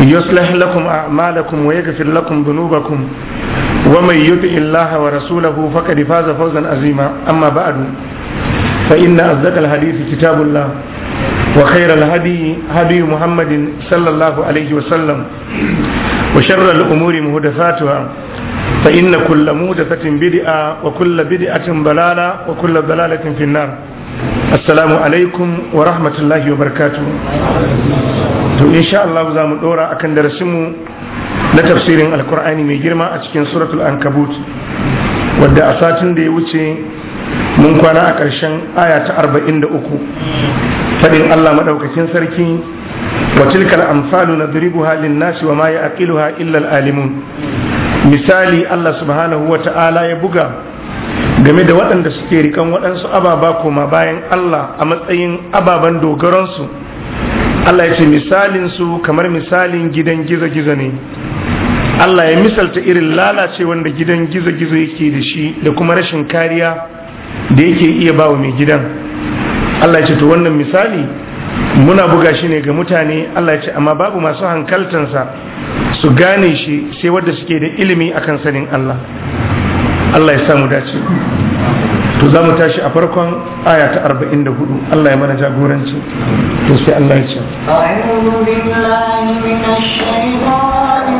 يصلح لكم أعمالكم ويغفر لكم ذنوبكم ومن يطع الله ورسوله فقد فاز فوزا عظيما أما بعد فإن أصدق الحديث كتاب الله وخير الهدي هدي محمد صلى الله عليه وسلم وشر الأمور مهدفاتها فإن كل مهدفة بدعة وكل بدعة ضلالة وكل ضلالة في النار assalamu alaikum wa rahmatullahi wa barakatuhu to insha Allah za mu dora akan darasinmu na tafsirin alkur'ani mai girma a cikin suratul ankabut wadda a satin da ya wuce mun kwana a ƙarshen aya ta arba'in da uku faɗin Allah maɗaukakin sarki wa tilkal amsalu na halin nasi wa ma ya aqiluha illa alimun misali Allah subhanahu wa ta'ala ya buga game da waɗanda suke rikan waɗansu ababa koma bayan Allah a matsayin ababen dogaransu Allah ya ce misalin su kamar misalin gidan gizo-gizo ne Allah ya misalta irin lalace wanda gidan gizo-gizo yake da shi da kuma rashin kariya da yake iya ba wa mai gidan Allah ya ce to wannan misali muna buga shi ne ga mutane Allah ya ce amma babu masu hankaltansa su gane shi sai wadda suke da ilimi akan sanin Allah Allah ya samu dace to za mu tashi a farkon aya ta 44 Allah ya mana jagoranci to sai Allah ya ce a'udhu billahi minash shaitanir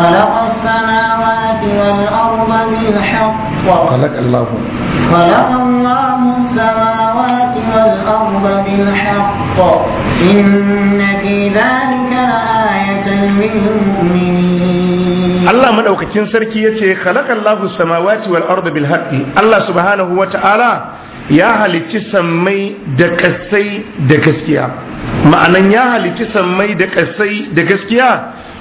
خلق السماوات والأرض بالحق خلق الله خلق الله السماوات والأرض بالحق إن في ذلك لآية للمؤمنين الله من أوكتين سركية خلق الله السماوات والأرض بالحق الله سبحانه وتعالى ya halicci sammai da kasai da gaskiya ma'anan ya halicci sammai da kasai da gaskiya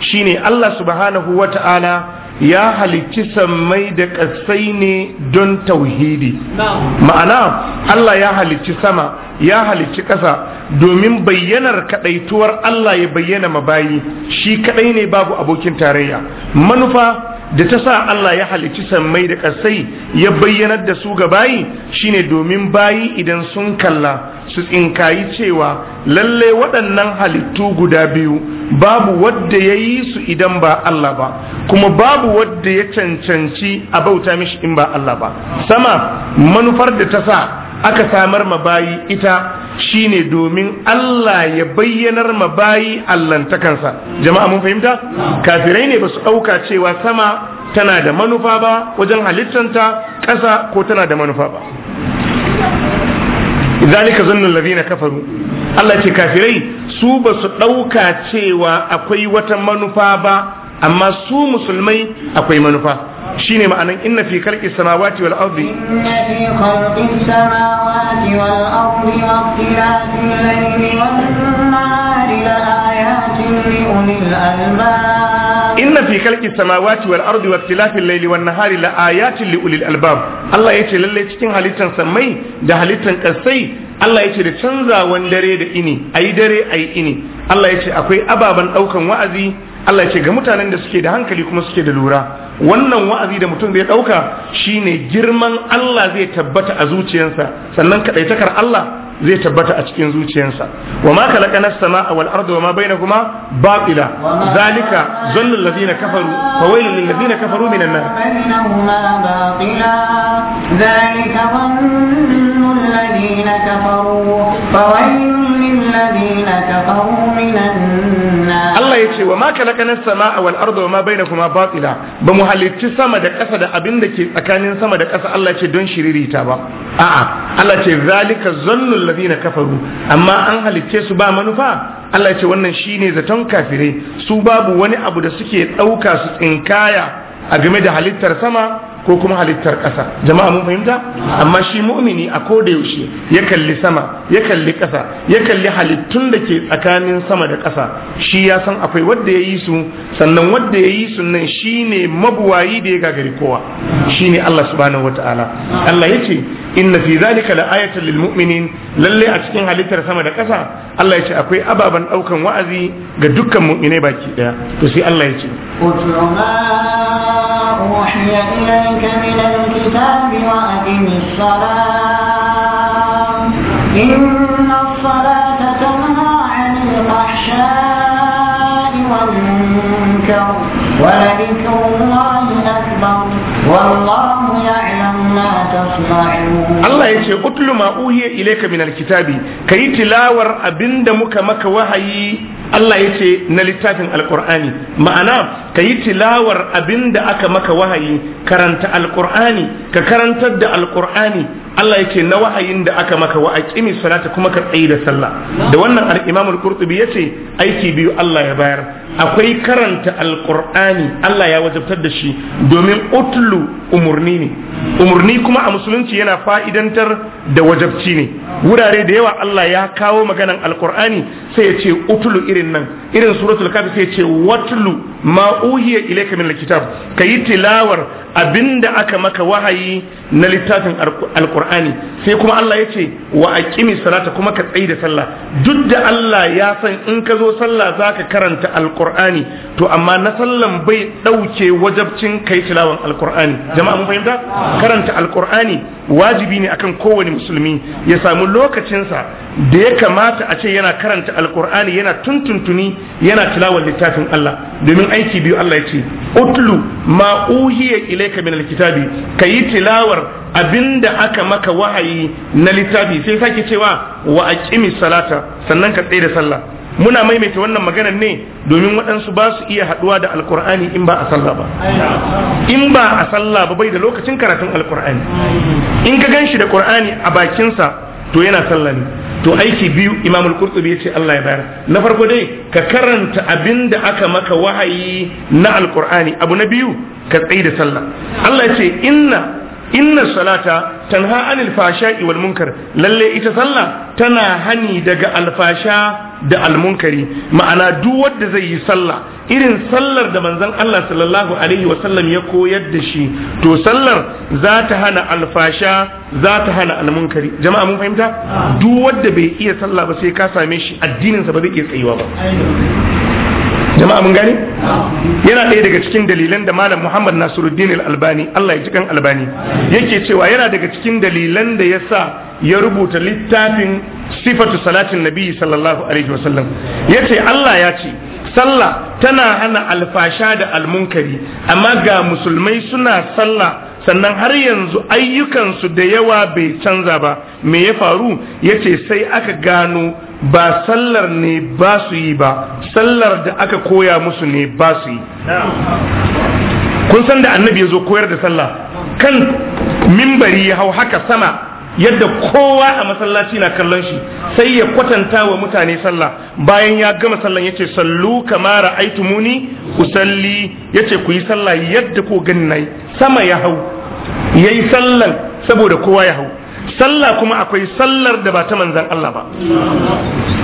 shine Allah subhanahu wa ta'ala ya halicci sammai da ƙasai ne don tauhidi ma'ana Allah ya halicci sama ya halicci ƙasa domin bayyanar kaɗaituwar Allah ya bayyana mabayi shi kaɗai ne babu abokin tarayya manufa da ta sa Allah ya halicci sammai da ƙasai ya bayyanar da su ga bayi shine domin bayi idan sun kalla su tsinkayi cewa lalle waɗannan halittu guda biyu babu wadda ya yi su idan ba Allah ba kuma babu wadda ya cancanci a bauta mishi in ba Allah ba sama manufar da ta sa aka samar ma bayi ita shine domin Allah ya bayyanar ma mabayi allantakansa jama'a mun fahimta kafirai ne ba su ɗauka cewa sama tana da manufa ba wajen halittanta ƙasa ko tana da manufa ba ذلك ظن الذين كفروا الله يتي كافرين سو بس دوكا تيوا اكوي وتا منوفا با اما سو مسلمي اكوي منوفا شيني ما ان ان في خلق السماوات والارض ان في خلق السماوات والارض واختلاف الليل والنهار لايات لاولي الالباب inna fi khalqis samawati wal ardi wakhtilafil layli wan nahari la ayatin li ulil albab Allah yace lalle cikin halittar samai da halittan kasai Allah yace da canzawan dare da ini ayi dare ayi ini Allah yace akwai ababan daukan wa'azi Allah yace ga mutanen da suke da hankali kuma suke da lura wannan wa'azi da mutum zai dauka shine girman Allah zai tabbata a zuciyarsa sannan kadaitakar Allah zai tabbata a cikin zuciyarsa wa ma khalaqana as-samaa wal wa ma bainahuma batila zalika zallu alladhina kafaru fa wailul kafaru minan nar zalika kafaru fa wailul lil ladina kafaru Allah ya ce wa ma sama sama'a wal arda wa ma kuma batila ba mu halicci sama da ƙasa da abin da ke tsakanin sama da ƙasa Allah ce don shiririta ba a'a Allah ce zalika zannu ladina kafaru amma an halicce su ba manufa Allah ce wannan shine zaton kafirai su babu wani abu da suke ɗauka su tsinkaya a game da halittar sama ko kuma halittar ƙasa jama'a mun fahimta amma shi mu'mini a ko da yaushe ya kalli sama ya kalli ƙasa ya kalli halittun da ke tsakanin sama da ƙasa shi ya san akwai wadda ya yi su sannan wadda ya yi su nan shi ne mabuwayi da ya gagari kowa shi ne Allah subhanahu wataala Allah ya yace inna fi zalika la ayatan lil mu'minin lalle a cikin halittar sama da ƙasa Allah ya ce akwai ababen ɗaukan wa'azi ga dukkan mu'minai baki daya to sai Allah ya ce عليك من الكتاب وأقم الصلاة إن الصلاة تنهى عن الفحشاء والمنكر ولذكر الله أكبر والله يعلم ما تصنعون الله يشي أتل ما أوهي إليك من الكتاب كي تلاور أبند مك مك وحي Allah ya ce na littafin alkur'ani ma'ana ka yi tilawar abin da aka maka wahayi karanta alkur'ani ka karantar da alkur'ani Allah ya ce na wahayin da aka maka wa aqimi salata kuma ka tsayi da sallah da wannan al-Imam al-Qurtubi yace aiki biyu Allah ya bayar akwai karanta alkur'ani Allah ya wajabtar da shi domin utlu umurni ne umurni kuma a musulunci yana fa'idantar da wajabci ne wurare da yawa Allah ya kawo maganan alkur'ani sai ya ce utlu irin nan irin suratul kafi sai ce watlu ma uhiya ilayka min alkitab kayi tilawar abinda aka maka wahayi na littafin alqur'ani sai kuma Allah ya ce wa aqimi salata kuma ka tsayi da sallah duk da Allah ya san in ka zo sallah zaka karanta alqur'ani to amma na sallan bai dauke wajabcin kai tilawan alqur'ani jama'a mun fahimta karanta alqur'ani wajibi ne akan kowane musulmi ya samu lokacinsa da ya kamata a ce yana karanta alqur'ani yana tuntuntuni yana tilawar littafin Allah domin aiki biyu Allah ya ce utlu ma uhiya ilayka min alkitabi kayi tilawar abinda aka maka wahayi na littafi sai sake cewa wa aqimi salata sannan ka tsaye da sallah muna maimaita wannan maganar ne domin waɗansu ba su iya haɗuwa da alkur'ani in ba a sallah ba in ba a sallah ba bai da lokacin karatun alkur'ani in ka gan shi da qur'ani a bakinsa to yana sallah ne to aiki biyu imamul al-qurtubi yace Allah ya bayar na farko dai ka karanta abin da aka maka wahayi na alqur'ani abu na biyu ka tsaye da sallah Allah yace inna inna salata tanha anil fasha'i wal munkar lalle ita sallah tana hani daga alfasha da almunkari ma'ana duk wanda zai yi sallah irin sallar da manzon Allah sallallahu alaihi wa sallam ya koyar da shi to sallar za ta hana alfasha za ta hana almunkari jama'a mun fahimta duk wanda bai iya sallah ba sai ka same shi addinin sa ba zai iya tsayuwa ba jama'a mun gane yana ɗaya daga cikin dalilan da malam muhammad nasiruddin albani allah ya ji albani yake cewa yana daga cikin dalilan da ya sa ya rubuta littafin sifatu salatin nabi sallallahu alaihi wasallam ya ce allah ya ce sallah tana hana alfasha da almunkari amma ga musulmai suna sallah sannan har yanzu ayyukansu da yawa bai canza ba me ya faru ya ce sai aka gano ba sallar ne ba su yi ba sallar da aka koya musu ne ba su yi kun san da annabi ya zo koyar da sallah kan mimbari ya hau haka sama yadda kowa a masallaci na kallon shi sai ya kwatanta wa mutane sallah bayan ya gama sallan yace sallu kama ra'aitumuni usalli yace ku yi sallah yadda ko gani sama ya hau yayi sallan saboda kowa ya hau sallah kuma akwai sallar da ba ta manzan Allah ba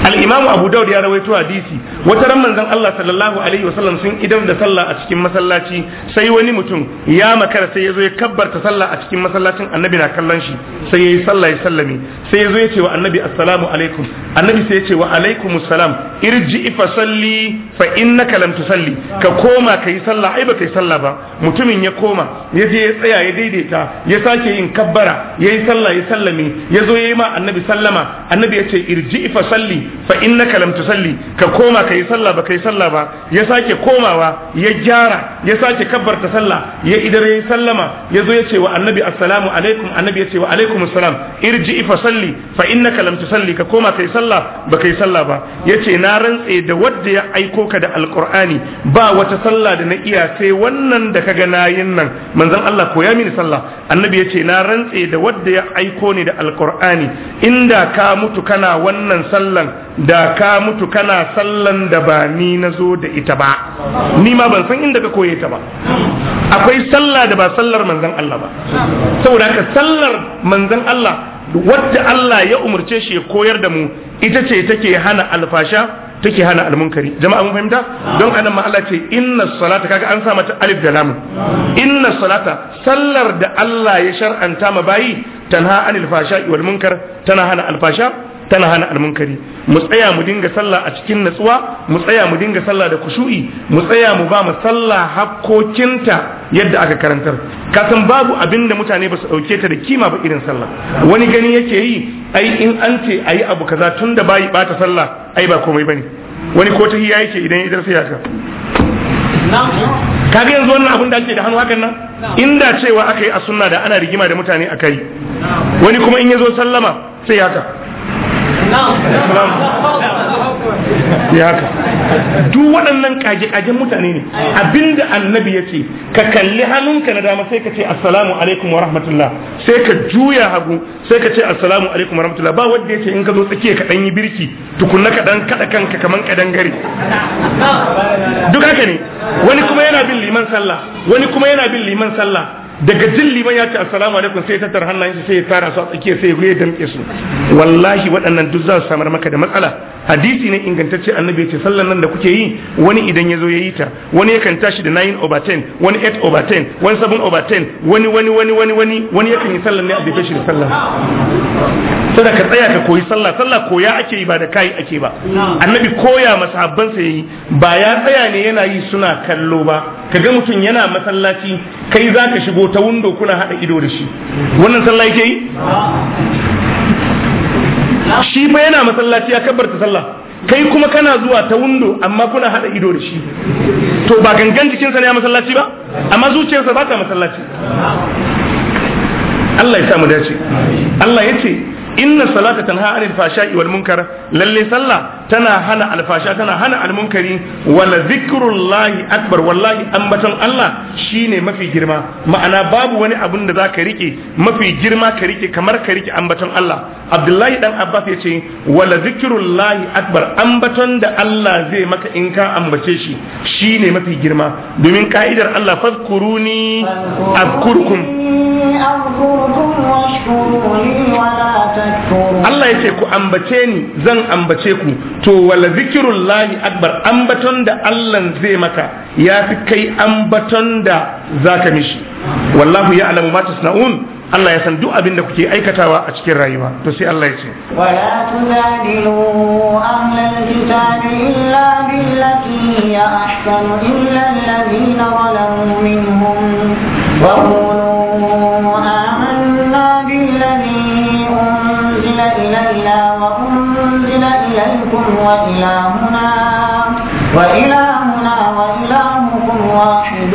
al-imamu abu daud ya rawaito hadisi wata ran manzan Allah sallallahu alaihi wasallam sun idan da sallah a cikin masallaci sai wani mutum ya makara sai yazo ya kabbarta sallah a cikin masallacin annabi na kallon shi sai yayi sallah ya sallame sai yazo ya ce wa annabi assalamu alaikum annabi sai ya ce wa alaikumus salam irji fa salli fa innaka lam tusalli ka koma yi sallah ai ba kai sallah ba mutumin ya koma ya je ya tsaya ya daidaita ya sake yin kabbara yayi sallah ya sallami ya zo ya yi ma annabi sallama annabi ya ce irji fa salli fa innaka lam tusalli ka koma ka yi sallah ba ka yi sallah ba ya sake komawa ya gyara ya sake kabbarta sallah ya idar ya sallama ya zo ya ce wa annabi assalamu alaikum annabi ya ce wa alaikum assalam irji fa salli fa innaka lam tusalli ka koma ka yi sallah ba ka yi sallah ba ya ce na rantse da wadda ya aiko ka da alqur'ani ba wata sallah da na iya sai wannan da ka ga nayin nan manzon Allah koya mini sallah annabi ya ce na rantse da wadda ya aiko aiko ne da alkur'ani inda ka mutu kana wannan sallan da ka mutu kana sallan da ba ni na zo da ita ba ni ma ban san inda ka koye ta ba akwai sallah da ba sallar manzon Allah ba saboda haka sallar manzon Allah wadda Allah ya umarce shi ya koyar da mu ita ce take hana alfasha take hana almunkari jama'a mun fahimta don anan ma Allah ce inna salata kaga an sa mata alif da lam inna salata sallar da Allah ya shar'anta ma bayi tanha anil fasha wal munkar tana hana alfasha tana hana almunkari mu tsaya mu dinga sallah a cikin natsuwa mu tsaya mu dinga sallah da kushu'i mu tsaya mu ba mu sallah hakkokinta yadda aka karantar san babu abin da mutane ba su dauke ta da kima ba irin sallah wani gani yake yi ai in an ce ayi abu kaza tunda bai bata sallah ai ba komai bane wani ko ta hiya yake idan idan sai haka kaga yanzu wannan abin da ake da hannu hakan nan inda cewa aka yi a sunna da ana rigima da mutane a kai, wani kuma in ya zo sallama sai haka ya du duk waɗannan kage-kagen mutane ne abinda annabi ya ce ka kalli hannunka na dama sai ka ce assalamu alaikum wa rahmatullah sai ka juya hagu sai ka ce assalamu alaikum wa rahmatullah ba wanda ya ce in ka zo tsakiya ka ɗan yi birki tukunna ka ɗan kaɗa kanka kaman ƙadan gari duk haka ne wani kuma yana bin liman sallah wani kuma yana bin liman sallah daga jin liman ya ce assalamu alaikum sai ta tar hannayen sai ya tara su a tsakiya sai ya damke su wallahi waɗannan duk za su samar maka da matsala hadisi ne ingantacce annabi ya ce sallan nan da kuke yi wani idan ya zo ya yi ta wani yakan tashi da 9 over 10 wani 8 over 10 wani 7 over 10 wani wani wani wani wani wani yakan yi sallan ne a bai shi da sallan sai ka tsaya ka koyi sallah sallah koya ake yi ba da kai ake ba annabi koya masahabban sa yayi ba ya tsaya ne yana yi suna kallo ba kaga mutum yana masallaci kai zaka shigo ta kuna hada ido da shi wannan sallah yake yi shi fa yana masallaci ya kabbarta sallah kai kuma kana zuwa ta wundo amma kuna hada ido da shi to ba gangan jikinsa ne masallaci ba amma zuciyarsa ba ta masallaci Allah ya sa mu dace Allah ya ce inna salata tanha anil fashai wal munkar lalle sallah tana hana alfasha tana hana almunkari wala zikrullahi akbar wallahi ambaton Allah shine mafi girma ma'ana babu wani abun da zaka rike mafi girma ka rike kamar ka rike ambaton Allah Abdullahi dan Abbas yace wala zikrullahi akbar ambaton da Allah zai maka in ka ambace shi shine mafi girma domin ka'idar Allah fadkuruni azkurkum azkurkum washkuruni Allah ya ce ku ambace ni zan ambace ku to wala zikirullahi akbar ambaton da Allah zai maka ya fi kai ambaton da zaka mishi wallahu ya alamu ma tasna'un Allah ya san duk abin da kuke aikatawa a cikin rayuwa to sai Allah ya ce wala tunadilu ahlal kitabi illa billati ya ahsanu illa alladhina zalamu minhum wa إلينا وأنزل إليكم وإلهنا وإلهنا وإلهكم واحد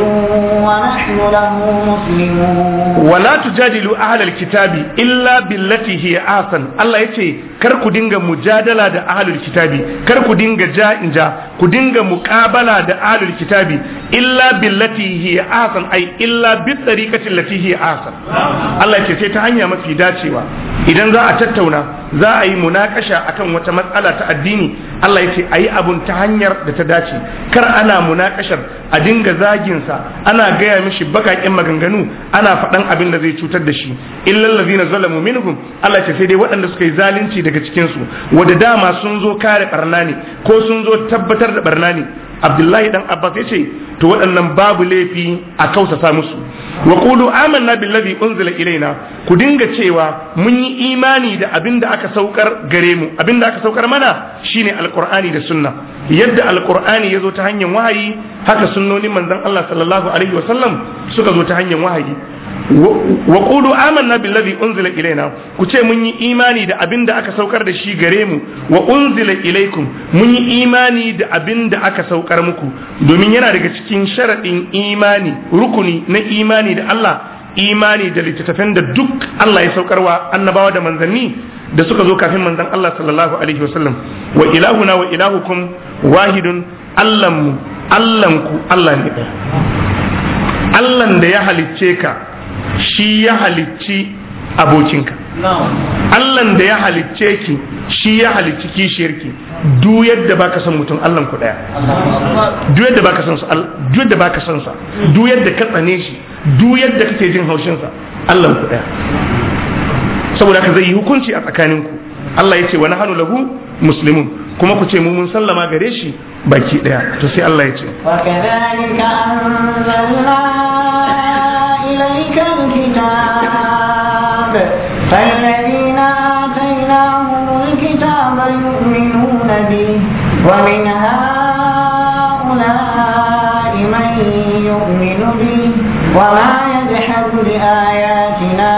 ونحن له مسلمون ولا تجادلوا أهل الكتاب إلا بالتي هي أحسن الله يتي كركو دينغا مجادلة دا أهل الكتاب كركو دينغا جا إنجا كو دينغا مقابلة دا أهل الكتاب إلا بالتي هي أحسن أي إلا بالطريقة التي هي أحسن الله يتي تهاني ما في داتي إذن ذا أتتونا ذا أي مناقشة أكم وتمثالة الديني Allah yace yi abun ta hanyar da ta dace kar ana munakashar a dinga zagin sa ana gaya mishi bakakin maganganu ana faɗan abin da zai cutar da shi illal ladzina zalamu minhum Allah ce sai dai waɗanda suka yi zalunci daga cikin su wanda dama sun zo kare barna ko sun zo tabbatar da barna abdullahi dan abbas ya ce to waɗannan babu laifi a kausasa musu wa qulu amanna billazi unzila ilaina ku dinga cewa mun yi imani da abin da aka saukar gare mu abin da aka saukar mana shine alqur'ani da sunna yadda alqur'ani ya zo ta hanyar wahayi haka sunnonin manzon Allah sallallahu alaihi wasallam suka zo ta hanyar wahayi wa qulu amanna billazi unzila ilaina ku ce mun yi imani da abin da aka saukar da shi gare mu wa unzila ilaikum mun yi imani da abin da aka saukar muku domin yana daga cikin sharadin imani rukuni na imani da Allah imani da littattafan da duk Allah ya saukarwa annabawa da manzanni da suka zo kafin manzan Allah sallallahu alaihi wasallam wa ilahuna wa ilahukum wahidun Allahnmu allanku Allah ne Allah da ya halicce ka shi ya halicci abokinka Allan da ya halicce ki shi ya halicci kishiyar ki duk yadda baka san mutum Allan ku daya duk yadda baka san sa duk yadda baka san sa duk yadda ka tsane shi duk yadda kake jin haushin sa Allan ku daya saboda haka zai yi hukunci a tsakaninku Allah ya ce wa nahanu lahu muslimun kuma ku ce mu mun sallama gare shi baki daya to sai Allah ya ce به ومن هؤلاء من يؤمن به وما يجحد بآياتنا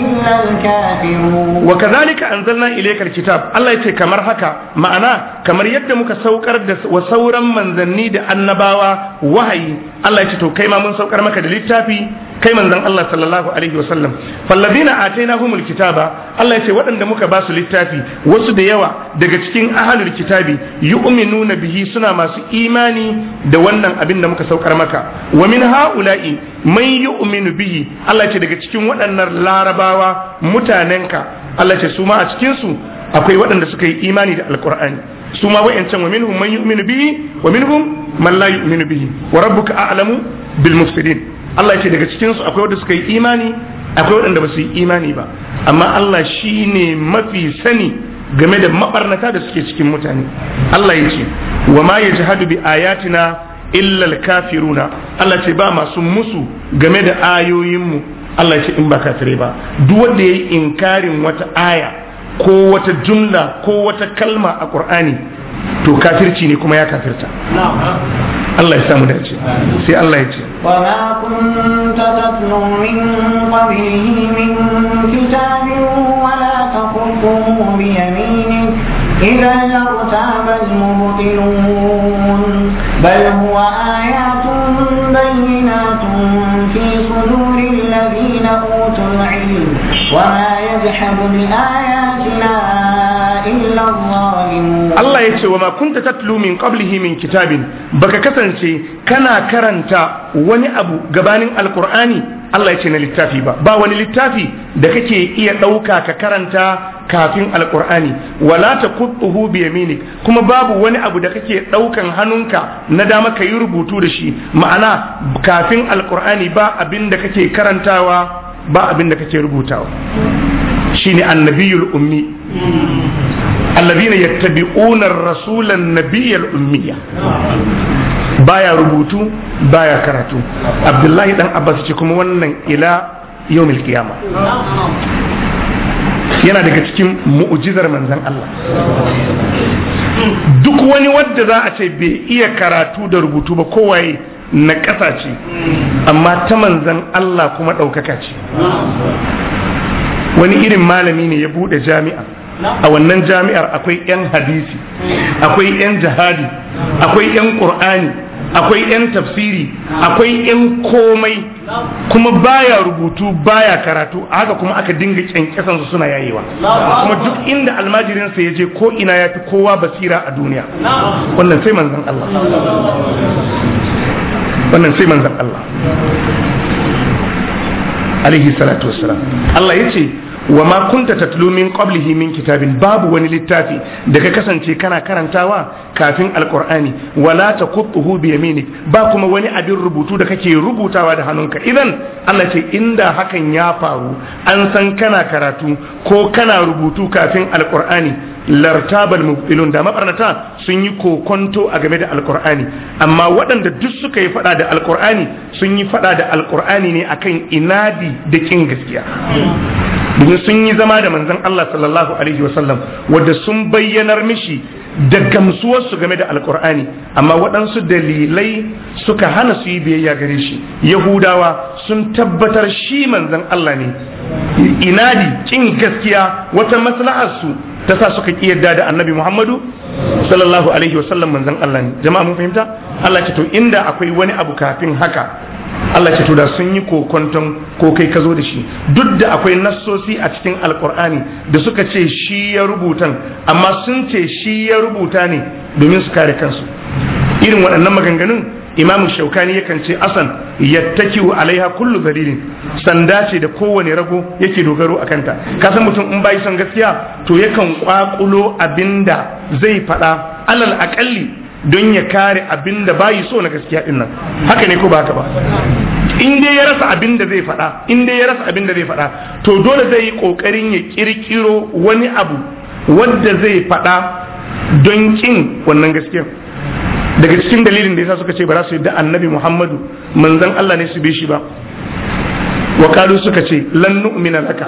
إلا الكافرون وكذلك أنزلنا إليك الكتاب الله يتي كمر هكا معنا كمر يد مك سوكر وسورا من ذني النباوة وهي الله يتي تو كيما من سوكر مك دليل kai manzon Allah sallallahu alaihi wasallam na atainahumul kitaba Allah yace waɗanda muka ba su littafi wasu da yawa daga cikin ahlul kitabi yu'minuna bihi suna masu imani da wannan abin da muka saukar maka wa min haula'i man yu'minu bihi Allah yace daga cikin waɗannan larabawa mutanenka Allah yace su ma a cikin su akwai waɗanda suka yi imani da alqur'ani su ma wa'yancan wa minhum man yu'minu bihi wa minhum man la yu'minu bihi wa rabbuka a'lamu bil mufsidin Allah ce daga cikinsu akwai wanda suka yi imani akwai waɗanda ba su yi imani ba amma Allah shi ne mafi sani game da mabarnata da suke cikin mutane Allah ya ce wa ma ya jihadu bi ayatina illal kafiruna Allah ce ba masu musu game da ayoyinmu Allah ya ce in ba kafire ba duk wanda yayi inkarin wata aya ko wata jumla ko wata kalma a Qur'ani to kafirci ne kuma ya kafirta Allah ya samu dace sai Allah ya ce wa kunta tatlu min qablihi min kitabin wa la taqutuhu bi al-mubtilun bal huwa ayatun bayyinatun fi suduril ladina utul ilm wa ma bi ayatin Allah ya ce wa ma kunta tatlu min qablihi min kitabin baka kasance kana karanta wani abu gabanin alqur'ani Allah ya ce na littafi ba ba wani littafi da kake iya ɗauka ka karanta kafin alkur'ani wala ta kuɗuhu bi yaminik kuma babu wani abu da kake ɗaukan hannunka na dama ka yi rubutu da shi ma'ana kafin alkur'ani ba abin da kake karantawa ba abin da kake rubutawa shine annabiyul ummi alladhina yattabi'una rasulan nabiyyal ummiya baya rubutu baya karatu abdullahi dan abbas ce kuma wannan ila yawmil qiyama yana daga cikin mu'jizar manzon Allah duk wani wadda za a ce bai iya karatu da rubutu ba kowaye na ƙasa ce amma ta manzan Allah kuma ɗaukaka ce wani irin malami ne ya buɗe jami'a a wannan jami'ar akwai 'yan hadisi akwai 'yan jihadi akwai 'yan ƙur'ani akwai 'yan tafsiri akwai 'yan komai kuma baya rubutu baya karatu a haka kuma aka dinga kyankyasansu suna yayewa kuma duk inda almajirinsa ya je ko'ina ina ya fi kowa basira a duniya wannan sai manzan Allah wannan Allah alaihi salatu wasu Allah ya ce wa makunta kunta tatlu min kitabin babu wani littafi da ka kasance kana karantawa kafin alqur'ani wala taqutuhu bi yaminik ba kuma wani abin rubutu da kake rubutawa da hannunka idan Allah ce inda hakan ya faru an san kana karatu ko kana rubutu kafin alqur'ani lartabal mubtilun da mabarnata sun yi kokonto a game da alqur'ani amma waɗanda duk suka yi fada da alqur'ani sun yi fada da alqur'ani ne akan inadi da kin gaskiya domin sun yi zama da manzon Allah sallallahu alaihi wasallam wanda sun bayyanar mishi da gamsuwarsu game da alkur'ani amma waɗansu dalilai suka hana su yi biyayya gare shi yahudawa sun tabbatar shi manzon Allah ne inadi kin gaskiya wata maslaharsu ta sa suka ki yarda da annabi Muhammadu sallallahu alaihi wasallam manzon Allah ne jama'a mun fahimta Allah ce to inda akwai wani abu kafin haka Allah ce to da sun yi kokonton ko kai ka zo da shi duk da akwai nassosi a cikin alkur'ani da suka ce shi ya rubutan amma sun ce shi ya rubuta ne domin su kare kansu irin waɗannan maganganun imam shaukani yakan ce asan yattaki alaiha kullu dalilin sanda ce da kowane rago yake dogaro a kanta kasan mutum in bai son gaskiya to yakan kwakulo abinda zai faɗa alal akalli don ya kare abinda bayi so na gaskiya din nan haka ne ko ba haka ba in dai ya rasa abin da zai faɗa in dai ya rasa abin da zai faɗa to dole zai yi kokarin ya kirkiro wani abu wanda zai faɗa don kin wannan gaskiya. daga cikin dalilin da yasa suka ce ba za su yi da annabi muhammadu manzon allah ne su bi shi ba wa kalu suka ce lan nu'mina laka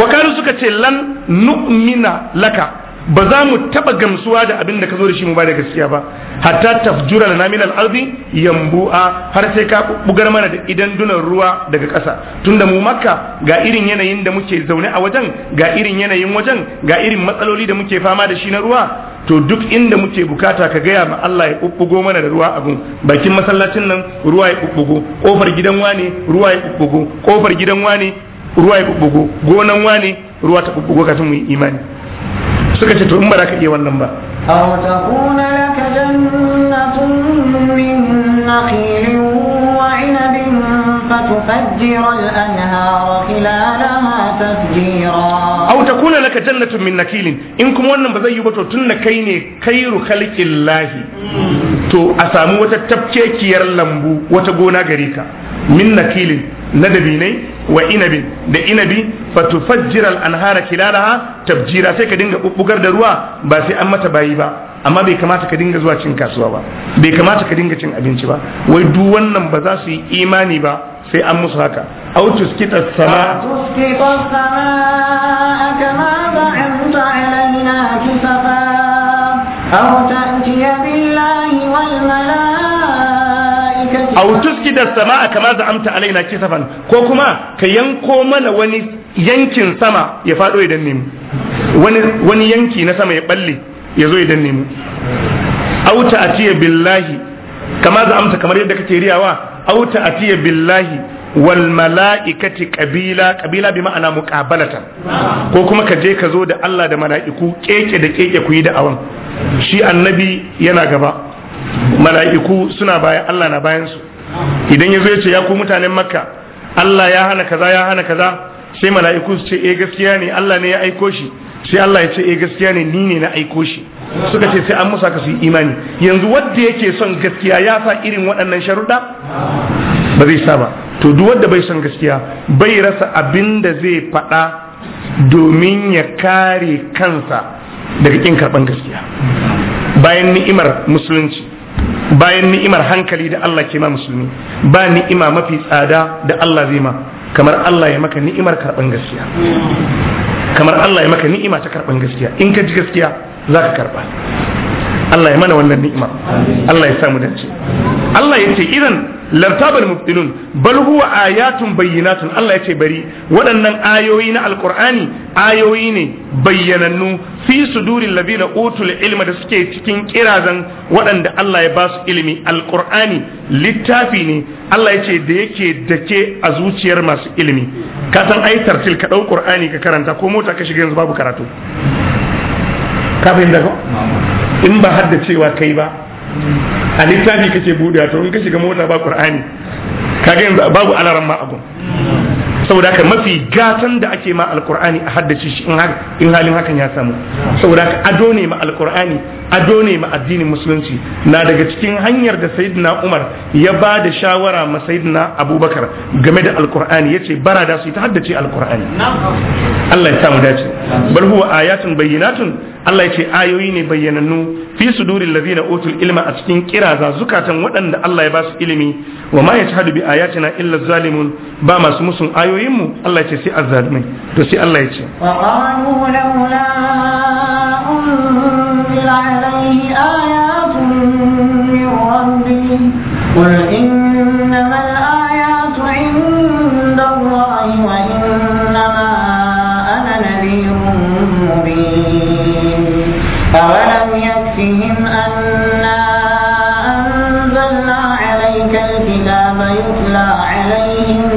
wa kalu suka ce lan nu'mina laka ba za mu taba gamsuwa da abin da ka zo da shi mu ba da gaskiya ba hatta tafjura lana min al-ardi yambu'a har sai ka bugar mana da idan dunan ruwa daga ƙasa tunda mu makka ga irin yanayin da muke zaune a wajen ga irin yanayin wajen ga irin matsaloli da muke fama da shi na ruwa to duk inda muke bukata ka gaya ma Allah ya bubbugo mana da ruwa abun bakin masallacin nan ruwa ya bubbugo kofar gidan wani ruwa ya bubbugo kofar gidan wani ruwa ya bubbugo gonan wani ruwa ta bubbugo kafin mu yi imani suka ce to in ba za ka iya wannan ba Au ta kuna laka jannatun min nakilin in kuma wannan ba zai yi ba tun na kai ne khairu lahi, to a samu wata tafkekiyar lambu wata gona gare ka min nakilin na wa inabin da inabi fatufajjira al-anhara kilalaha tabjira sai ka dinga bubbugar da ruwa ba sai an mata bayi ba amma bai kamata ka dinga zuwa cin kasuwa ba bai kamata ka dinga cin abinci ba wai duk wannan ba za su yi imani ba sai an musu haka au tuskita sama أو تأتي بالله والملائكة aw da samaa kama amta alaina kisafan ko kuma ka yanko mana wani yankin sama ya fado idan nemu wani wani yanki na sama ya balle ya zo idan nemu auta atiya billahi kama amta kamar yadda kake riyawa Auta atiya billahi wal mala'ikati kabila kabila bi ma'ana muqabalatan ko kuma ka je ka zo da Allah da mala'iku keke da keke ku yi da awan shi annabi yana gaba mala'iku suna bayan Allah na bayan su idan yazo ya ce ya ku mutanen makka Allah ya hana kaza ya hana kaza sai mala'iku su ce eh gaskiya ne Allah ne ya aiko shi sai Allah ya ce eh gaskiya ne ni ne na aiko shi suka ce sai an musa ka su yi imani yanzu wanda yake son gaskiya ya sa irin waɗannan sharuɗa ba zai sa ba to duk wanda bai son gaskiya bai rasa abin da zai faɗa domin ya kare kansa daga kin karɓan gaskiya bayan ni'imar musulunci bayan ni'imar hankali da Allah ke ma musulmi ba ni'ima mafi tsada da Allah zai ma kamar Allah ya maka ni'imar karban gaskiya kamar Allah ya maka ni'ima ta karban gaskiya in ka ji gaskiya za ka karba Allah ya mana wannan ni'ima Allah ya samu dace Allah ya ce idan lartabar mubtilun bal huwa ayatun bayyinatun Allah ya ce bari waɗannan ayoyi na alkur'ani ayoyi ne bayyanannu fi sudurin labina utul ilma da suke cikin kirazan waɗanda Allah ya ba su ilimi alkur'ani littafi ne Allah ya ce da yake dake a zuciyar masu ilimi ka san ai tartil ka ɗau qur'ani ka karanta ko mota ka shiga yanzu babu karatu ka fahimta ko in ba hadda cewa kai ba a littafi kake buɗe to in ka shiga mota ba qur'ani kaga yanzu babu alaran ma abun saboda haka mafi gatan da ake ma alqur'ani a haddace shi in halin hakan ya samu saboda haka ado ne ma alqur'ani ado ne ma addinin musulunci na daga cikin hanyar da sayyidina umar ya ba da shawara ma sayyidina abubakar game da alkur'ani ya ce bara da su ta haddace alkur'ani allah ya samu dace bal huwa ayatun bayyinatun allah ya ce ayoyi ne bayyanannu fi sudurin lazina utul ilma a cikin kiraza zukatan waɗanda allah ya ba su ilimi wa ma yashhadu bi ayatina illa zalimun ba masu musun ayoyinmu allah ya ce sai azzalimai to sai allah ya ce تتل عليه آيات من ربه قل إنما الآيات عند الله وإنما أنا نذير مبين أولم يكفهم أنا أنزلنا عليك الكتاب يتلى عليهم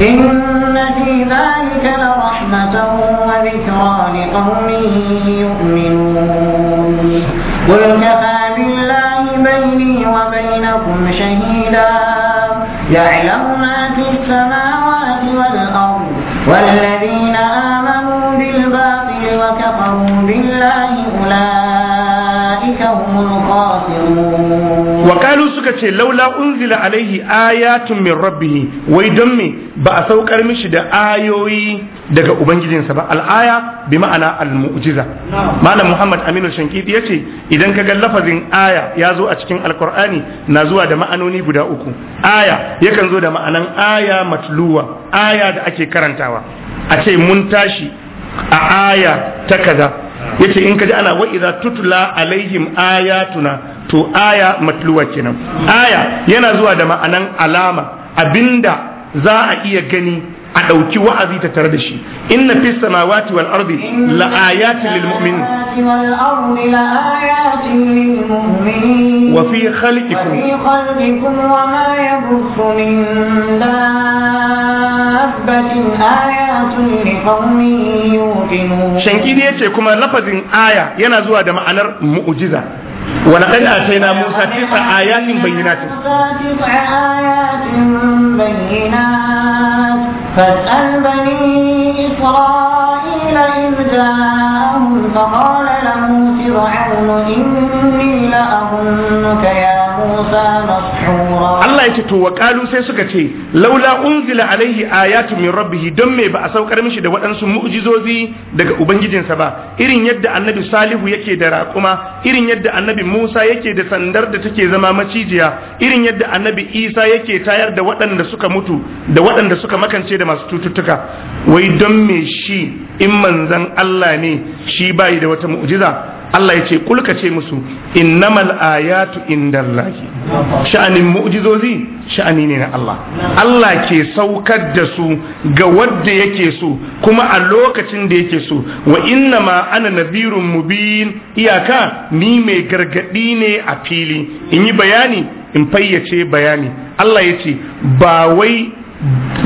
إن في ذلك لرحمة وذكرى لقوم يؤمنون قل كفى بالله بيني وبينكم شهيدا يعلم Wakalu suka ce laula unzila alaihi ayatun min ne, wai don me ba a saukar mishi da ayoyi daga ubangijinsa ba al'aya bi ma'ana al malam muhammad aminu ya ce idan ka ga lafazin aya ya zo a cikin alqur'ani na zuwa da ma'anoni guda uku aya yakan zo da ma'anan aya matluwa aya da ake karantawa a ce mun tashi a aya ta kaza yace in ka ji ana wa idza tutla alaihim ayatuna to aya matluwa kenan aya yana zuwa da ma'anan alama abinda za a iya gani a ɗauki wa'azi ta tare da shi inna fi samawati wal ardi la ayati lil mumin. wa fi khalqikum wa ma yabuthu min dabbatin ayatun liqaumin yuqinun shankidi yace kuma lafazin aya yana zuwa da ma'anar mu'jiza ولقد آتينا موسى تسع آيات بينات تسع آيات بينات فاسأل بني إسرائيل إذ جاءهم فقال له فرعون إني لأظنك يا Allah yake to kalu sai suka ce laula unzila alaihi ayatu min rabbihi don me ba a saukar mishi da waɗansu mu'jizozi daga ubangijinsa ba irin yadda annabi salihu yake da raƙuma irin yadda annabi Musa yake da sandar da take zama macijiya irin yadda annabi Isa yake tayar da waɗanda suka mutu da waɗanda suka makance da masu cututtuka wai don me shi in manzan Allah ne shi bayi da wata mu'jiza Allah ya ce kulka ce musu innamal ayatu indallahi sha'anin mu'jizozi sha'ani ne na Allah Allah ke saukar da su ga wadda yake so kuma a lokacin da yake so wa innama ana nadhirun mubin iyaka ni mai gargadi ne a fili in yi bayani in fayyace bayani Allah ya ce ba wai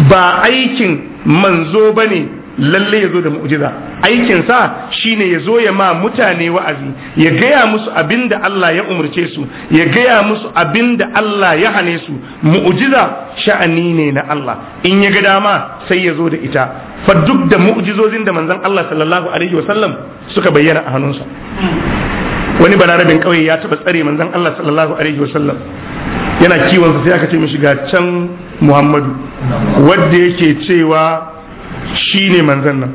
ba aikin manzo bane lalle ya zo da mu'jiza aikinsa shine ya zo ya ma mutane wa'azi ya gaya musu abinda da Allah ya umarce su ya gaya musu abinda da Allah ya hane su mu'jiza sha'ani ne na Allah in ya ga dama sai ya zo da ita fa duk da mu'jizozin da manzon Allah sallallahu alaihi wasallam suka bayyana a hannunsa wani bararabin kauye ya taba tsare manzon Allah sallallahu alaihi wasallam yana kiwon sa sai aka ce mishi ga can Muhammadu wanda yake cewa shi ne manzan nan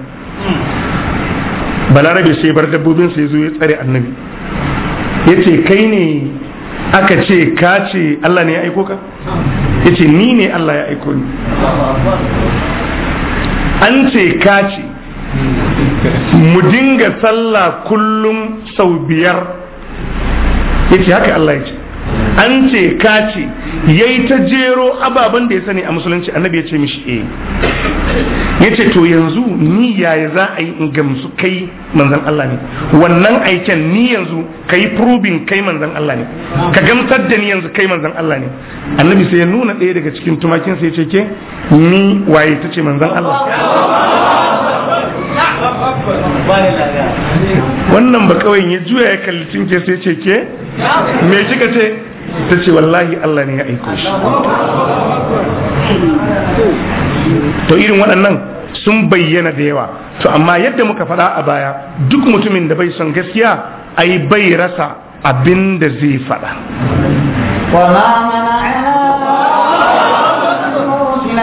balarabe sai bar dabbobin sai zo ya tsare annabi ya ce kai ne aka ce ka ce Allah ne ya aiko ka ya ce ni ne Allah ya aiko ni an ce ka ce mu dinga sallah kullum sau biyar ya ce haka Allah ya ce an ce ka ce ya yi ta jero ababen da ya sani a musulunci annabi ya ce mishi eh. Ya ce to yanzu ni yaya za a yi in gamsu kai manzan Allah ne wannan aiken ni yanzu ka yi proving kai manzan Allah ne ka gamsar da ni yanzu kai manzan Allah ne annabi sai ya nuna ɗaya daga cikin tumakin sai ya ce ke ni waye ta ce manzan Allah wannan ba kawai ya juya ya kalli cinke sai ce ke me kika ce ta ce wallahi Allah ne ya aiko shi to irin waɗannan sun bayyana da yawa to amma yadda muka faɗa a baya duk mutumin da bai son gaskiya ai bai rasa abin da zai faɗa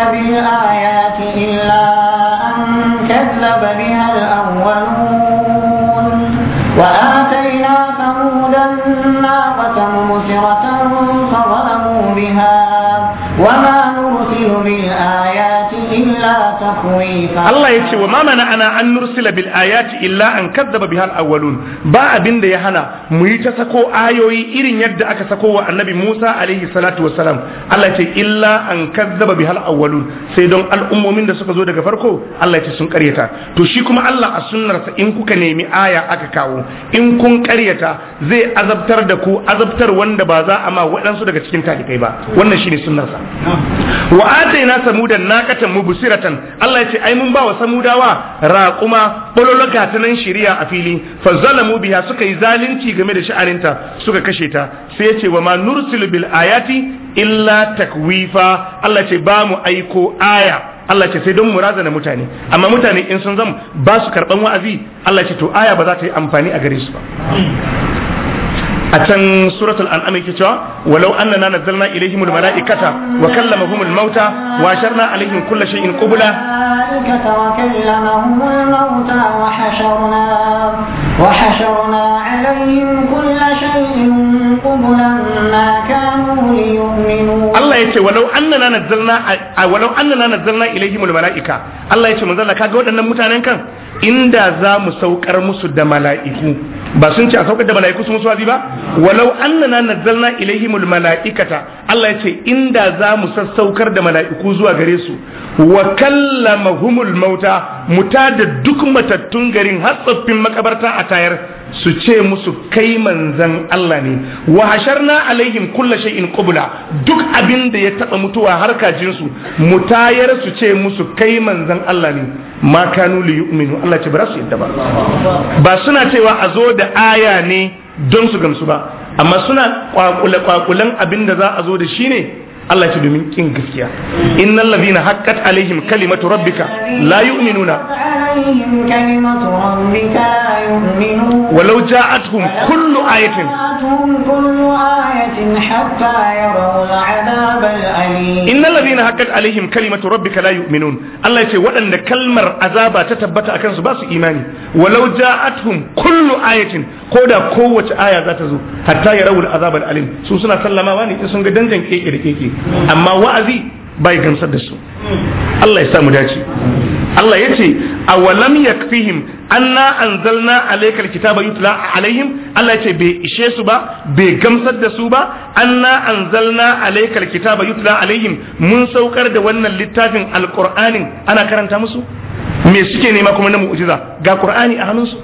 بالآيات إلا أن كذب Allah ya ce wa ma mana ana an nursila bil ayati illa an kadzaba biha al awwalun ba abin da ya hana mu yi ta sako ayoyi irin yadda aka sako wa annabi Musa alaihi salatu wassalam Allah ya ce illa an kadzaba biha al awwalun sai don al'ummomin da suka zo daga farko Allah ya ce sun karyata to shi kuma Allah a sunnarsa in kuka nemi aya aka kawo in kun karyata zai azabtar da ku azabtar wanda ba za a ma waɗansu daga cikin talibai ba wannan shine sunnarsa wa ataina samudan naqatan mubsiratan Allah ya ce ai mun mun ba wa samudawa raƙuma bolologa ta nan shiriya a fili fa zalamu biha suka yi zalunci game da sha'aninta suka kashe ta sai ya ce wa ma nursilu bil ayati illa takwifa Allah ce ba mu aiko aya Allah ce sai don mu razana mutane amma mutane in sun zama ba su karban wa'azi Allah ce to aya ba za ta yi amfani a gare su ba a can suratul an'am yake cewa walau annana nazzalna ilaihim almalaikata wa kallamahum almauta wa asharna alaihim kull shay'in qubla wa kallamahum almauta wa hasharna wa hasharna alaihim kull shay'in Allah yace walau walau annana nazzalna ilaihim almalaika Allah yace waɗannan mutanen kan inda za mu saukar musu da mala'iku ba sun ce a saukar da mala'iku sun musu ba walau annana nazzalna ilaihimul mala'ikata Allah ya ce inda za mu sassaukar da mala'iku zuwa gare su wa kallamahumul mauta muta da duk matattun garin har tsoffin makabarta a tayar su ce musu kai manzan Allah ne wa hasharna alaihim kulla shay'in qubla duk abin da ya taba mutuwa har kajin su mutayar su ce musu kai manzan Allah ne ma kanu li yu'minu Allah ce ba su yadda ba ba suna cewa a zo da aya ne don su gamsu ba amma suna kwakule kwakulan abin da za a zo da shi ne Allah ce domin kin gaskiya innal ladina haqqat alaihim kalimatu rabbika la yu'minuna عليهم كلمة ربك لا يؤمنون ولو جاءتهم كل آية كل آية حتى يروا العذاب الأليم إن الذين حقت عليهم كلمة ربك لا يؤمنون الله يقول وأن كلمة عذاب تتبت أكن سباس إيماني ولو جاءتهم كل آية كودا قوة آية ذات زو حتى يروا العذاب الأليم سوسنا سلما واني سنجد دنجن كيكي أما وأذي bai gamsar da su Allah ya samu dace Allah yace awalam yakfihim anna anzalna alaykal kitaba yutla alaihim Allah yace bai ishe su ba bai gamsar da su ba anna anzalna alaykal kitaba yutla alaihim mun saukar da wannan littafin alqur'anin ana karanta musu me suke nema kuma na mu'jiza ga qur'ani a su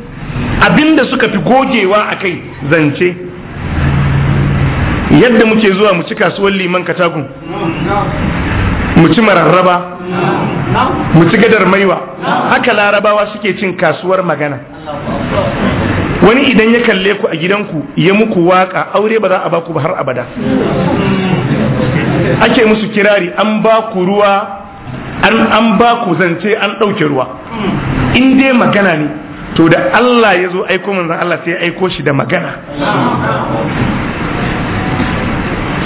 abinda suka fi gogewa akai zance yadda muke zuwa mu ci kasuwar liman katakun mu ci mararraba mu ci gadar maiwa haka larabawa suke cin kasuwar magana wani idan ya kalle ku a gidanku ya muku waka aure ba za a baku ba har abada ake musu kirari an baku ruwa an baku zance an ɗauke ruwa in dai magana ne to da Allah ya zo aiko manzan Allah sai aiko shi da magana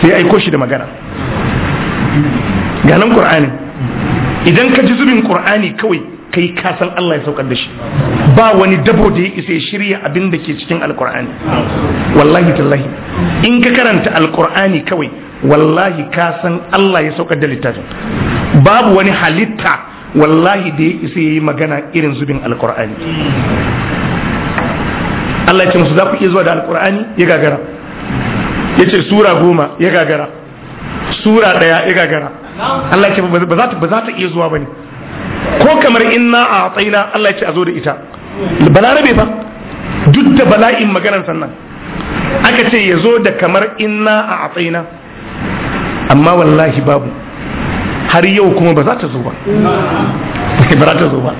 sai aiko shi da magana ga nan qur'ani idan ka ji zubin qur'ani kawai kai ka san Allah ya saukar da shi ba wani dabo da ya isa ya shirya abin da ke cikin alqur'ani wallahi tallahi in ka karanta alqur'ani kawai wallahi ka san Allah ya saukar da littafin babu wani halitta wallahi da ya isa ya yi magana irin zubin alkur'ani Allah ya ce musu za ku iya zuwa da alkur'ani ya gagara ya ce sura goma ya gagara sura ɗaya ya gagara Allah ce ba za ta ba za ta iya zuwa bane ko kamar inna a tsaina Allah ce a zo da ita balarabe ba duk da bala'in maganar sannan aka ce ya zo da kamar inna a tsaina amma wallahi babu har yau kuma ba za ta zo ba ba za ta zo ba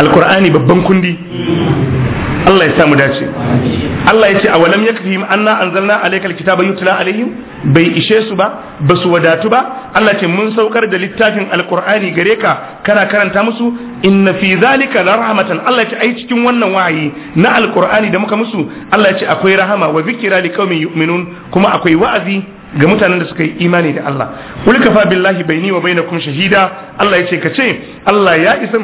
alkur'ani babban kundi Allah ya samu dace Allah ya ce a walam ya kafi na anzalna alaikal kitaba yutla alaihim bai ishe su ba ba su wadatu ba Allah ce mun saukar da littafin alkur'ani gare ka kana karanta musu inna fi zalika la rahmatan Allah ce ai cikin wannan wahayi na alkur'ani da muka musu Allah ce akwai rahama wa zikra liqaumin yu'minun kuma akwai wa'azi ga mutanen da suka yi imani da Allah kul kafa billahi baini wa bainakum shahida Allah ya ce ka ce Allah ya isa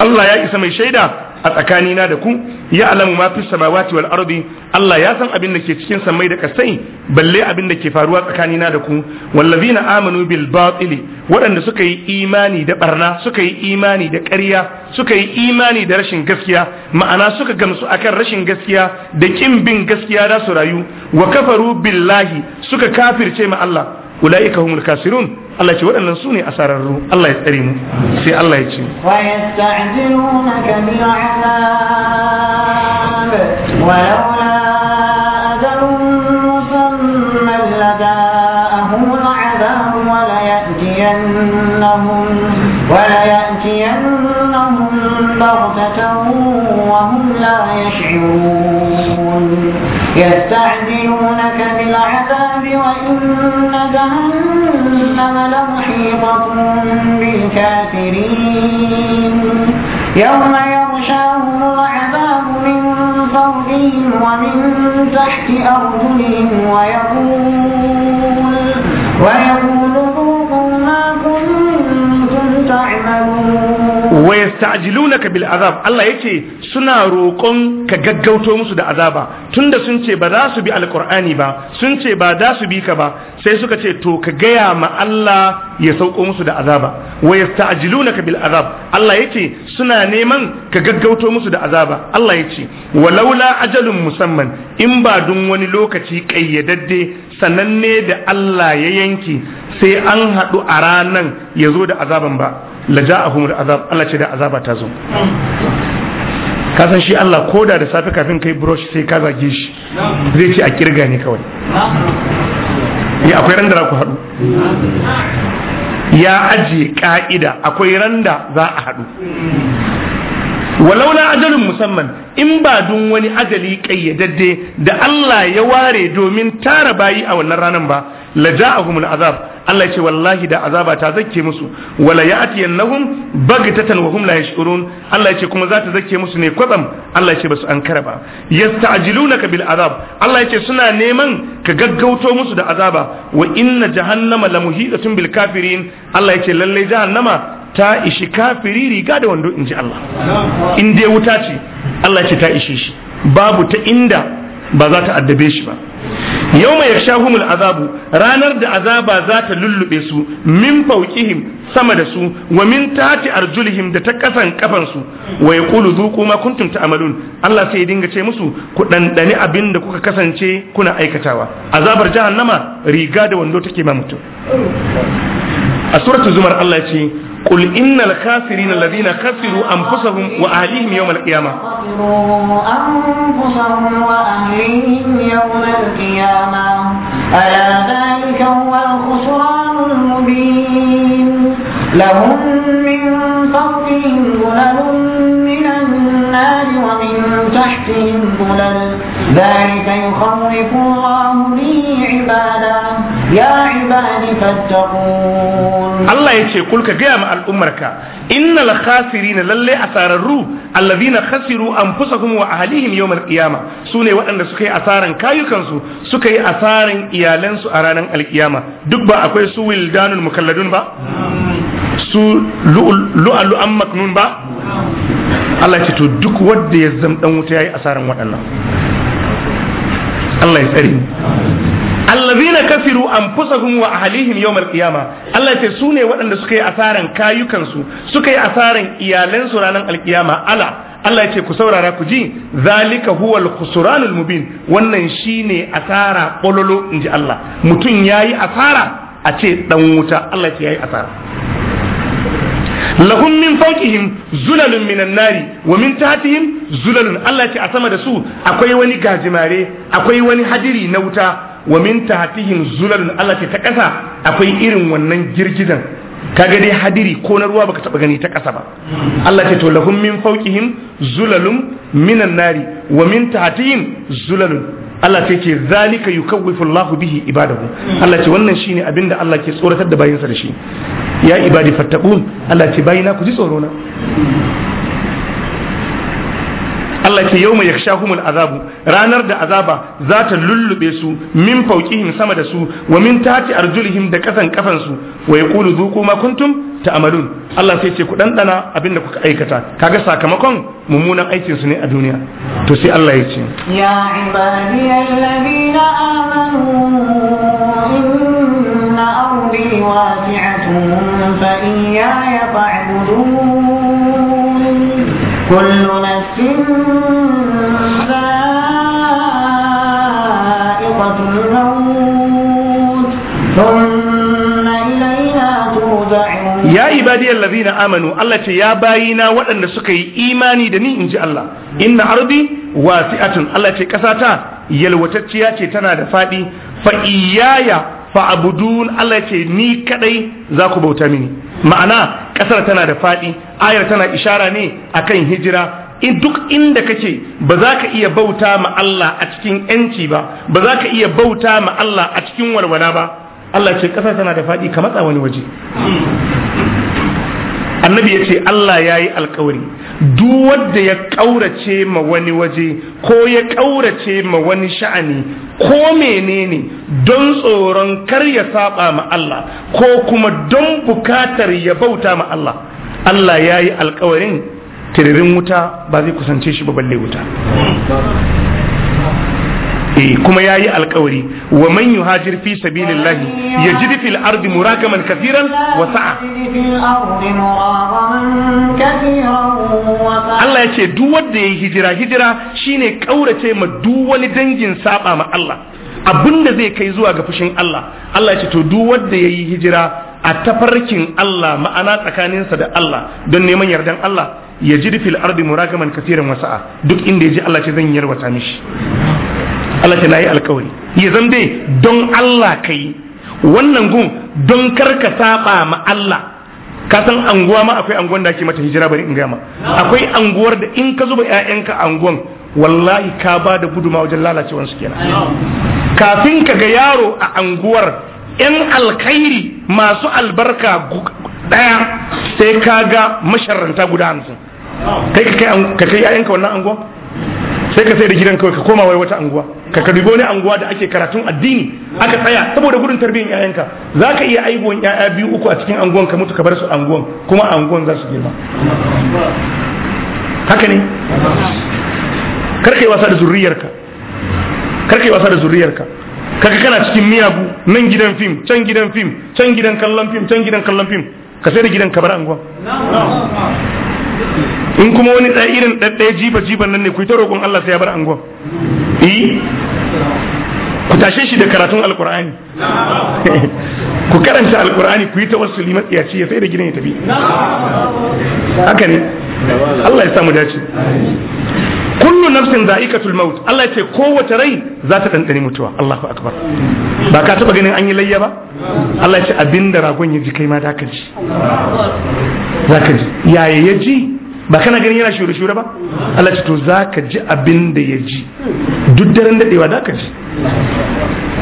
Allah ya isa mai shaida a tsakanina da ku ya alamu ma fi samawati wal ardi Allah ya san abin da ke cikin samai da kasai balle abin da ke faruwa tsakanina da ku wallazina amanu bil batili waɗanda suka yi imani da barna suka yi imani da ƙarya suka yi imani da rashin gaskiya ma'ana suka gamsu akan rashin gaskiya da kin bin gaskiya da su rayu wa kafaru billahi suka kafirce ma Allah أولئك هم الكافرون الله يقول أن ننسوني أسار الروح الله يتريم في الله يتريم ويستعجلونك بالعذاب ولولا أجل مسمى لجاءهم العذاب وليأتينهم وليأتينهم بغتة وهم لا يشعرون يستعجلونك بالعذاب وإن جهنم لمحيطة بالكافرين يوم يغشاهم العذاب من فوقهم ومن تحت أرجلهم ويقول ويقول ذوقوا ما كنتم تعملون na bil azab Allah yace suna roƙon ka gaggauto musu da azaba tunda sun ce ba za su bi alqur'ani ba sun ce ba za su bi ka ba sai suka ce to ka gaya ma Allah ya sauko musu da azaba wa na bil azab Allah yace suna neman ka gaggauto musu da azaba Allah yace walaula ajalun musamman in ba dun wani lokaci kayyadadde sananne da Allah ya yanki sai an haɗu a ranan ya zo da azaban ba la ja'ahum azab Allah ce da azab. azaba ta zo kasan shi Allah koda da safe kafin kai brush sai ka zage shi zai ce a kirga ne kawai ya akwai randa ku haɗu ya ajiye ka'ida akwai randa za a haɗu walaula ajalin musamman in ba don wani ajali kayyadadde da Allah ya ware domin tara bayi a wannan ranan ba la ja'ahumul azab Allah ya ce wallahi da azaba ta zakke musu wala ya'tiyannahum baghtatan wa hum la yash'urun Allah ya ce kuma za ta zakke musu ne kwatsam Allah ya ce basu ankara ba yasta'jilunaka bil azab Allah ya ce suna neman ka gaggauto musu da azaba wa inna jahannama la muhitatun bil kafirin Allah ya ce lalle jahannama ta ishi kafiri riga da wando in ji Allah in dai wuta ce Allah ce ta ishe shi babu ta inda ba za ta addabe shi ba yau mai yashahumul azabu ranar da azaba za ta lullube su min fauqihim sama da su wa min tati arjulihim da ta kasan kafan su wa yaqulu zuqu ma kuntum ta'malun Allah sai ya dinga ce musu ku dandani abin da kuka kasance kuna aikatawa azabar jahannama riga da wando take ma mutum a suratul zumar Allah ce قل إن الخاسرين الذين خسروا أنفسهم وأهليهم يوم القيامة أنفسهم وأهليهم يوم القيامة ألا ذلك هو الخسران المبين لهم من فوقهم ظلل من النار ومن تحتهم ظلل ذلك يخوف الله به عباده ya ce fattaqun Allah kulka gaya ma al'ummarka innal na lalle asararru alladhina khasiru anfusahum wa ahlihim yawm al su sune waɗanda suka yi asaran kayukansu suka yi asaran iyalansu a ranar al duk ba akwai su wildanul mukalladun ba su lu'alu'an maknun ba Allah ce to duk wadda ya zamdan wuta yayi asaran waɗannan. Allah ya tsare allazina kafiru anfusahum wa ahlihim yau al'kiyama. Allah ce su ne waɗanda suka yi asaran kayukansu suka yi asaran iyalansu ranar alkiyama ala Allah ce ku saurara ku ji zalika huwal khusranul mubin wannan shine asara bololo inji Allah mutum yayi asara a ce dan wuta Allah ce yayi asara lahum min fawqihim zulalun minan nari wa min tahtihim zulalun Allah ce a sama da su akwai wani gajimare akwai wani hadiri na wuta wa min tahtihim zulalun Allah ce ta ƙasa akwai irin wannan girgizan ga dai hadiri ko na ruwa baka taba gani ta ƙasa ba Allah ce to lahum min fawqihim zulalun minan nari wa min tahtihim zulalun Allah ce ce zalika yukawwifu Allahu bihi ibadahu Allah ce wannan shine abinda Allah ke tsoratar da bayinsa da shi ya ibadi fattaqun Allah ce bayina ku ji tsoro na Allah ce yau mai yakshahumul azabu ranar da azaba za ta lullube su min fauqihim sama da su wa min tati arjulihim da kasan kafan su wai yaqulu dhuqu ma kuntum amalun Allah sai ce ku ɗanɗana abin da kuka aikata kaga sakamakon mummunan aikin su ne a duniya to sai Allah ya ce ya ibadiyalladhina amanu inna ardi wasi'atun fa iyaya fa'budun كل نفس ذائقة الموت ثم إلينا ترجعون يا عبادي الذين آمنوا الله يا باينا وأن سكي إيماني دني إن الله إن أرضي wasi'atun Allah ce yalwatacciya ce tana da faɗi fa iyaya fa abudun Allah ce ni kadai za ku bauta mini ma'ana ƙasar tana da faɗi ayar tana ishara ne akan hijira in duk inda kake ba za ka iya bauta ma Allah a cikin yanci ba ba za ka iya bauta ma Allah a cikin walwala ba Allah ce ƙasar tana da faɗi ka matsa wani waje annabi ya ce Allah ya yi alkawari duk wanda ya ƙaurace ma wani waje ko ya ƙaurace ma wani sha'ani ko menene don tsoron kar ya saba ma Allah ko kuma don bukatar ya bauta ma Allah Allah ya yi alkawarin tiririn wuta ba zai kusance shi ba balle wuta eh kuma yayi alkawari wa man yuhajir fi sabilillahi yajid fil ardi murakaman kathiran wa sa'a Allah yace duk wanda yayi hijira hijira shine kaurace ma duk wani dangin saba ma Allah abinda zai kai zuwa ga fushin Allah Allah yace to duk wanda yayi hijira a tafarkin Allah ma'ana tsakaninsa da Allah don neman yardan Allah ya ji fil ardi kathiran kasiran wasa'a duk inda ya ji Allah ce zan yarwata mishi Allah ta yi alkawari ya zan dai don Allah ka yi wannan gun don kar ka saba ma Allah ka san anguwa ma akwai anguwan da ake mata hijira bari in gama akwai anguwar da in ka zuba ƴaƴanka anguwan wallahi ka ba da guduma wajen lalacewar su kenan kafin ka ga yaro a anguwar ƴan alkhairi masu albarka daya sai ka ga masharranta guda hamsin kai ka kai ƴaƴanka wannan anguwan sai ka sai da gidan kawai ka koma wai wata anguwa ka ka dubi wani anguwa da ake karatun addini aka tsaya saboda gudun tarbiyyar 'ya'yanka, za ka iya aibuwan 'ya'ya biyu uku a cikin anguwan ka mutu ka bar su anguwan kuma anguwan za su girma haka ne kar ka yi wasa da zurriyarka kar ka yi wasa da zurriyarka kaga kana cikin miyagu nan gidan fim can gidan fim can gidan kallon fim can gidan kallon fim ka sai da gidan ka bar anguwan in kuma wani ɗaya irin ɗaɗɗaya jifa jifan nan ne ku yi ta roƙon Allah sai ya bar angon eh ku tashe shi da karatun alkur'ani ku karanta alkur'ani ku yi wasu matsiyaci ya sai da gidan ya tafi haka ne Allah ya samu dace kullu nafsin za'iqatul maut Allah ya ce kowace rai za ta dandani mutuwa Allahu akbar ba ka taba ganin an yi layya ba Allah ya ce abinda ragon ya ji kai ma da ka ji za ka ji yaya ya ji ba kana ganin yana shure shure ba Allah ya ce to za ka ji abinda ya ji duk daren dadewa da ka ji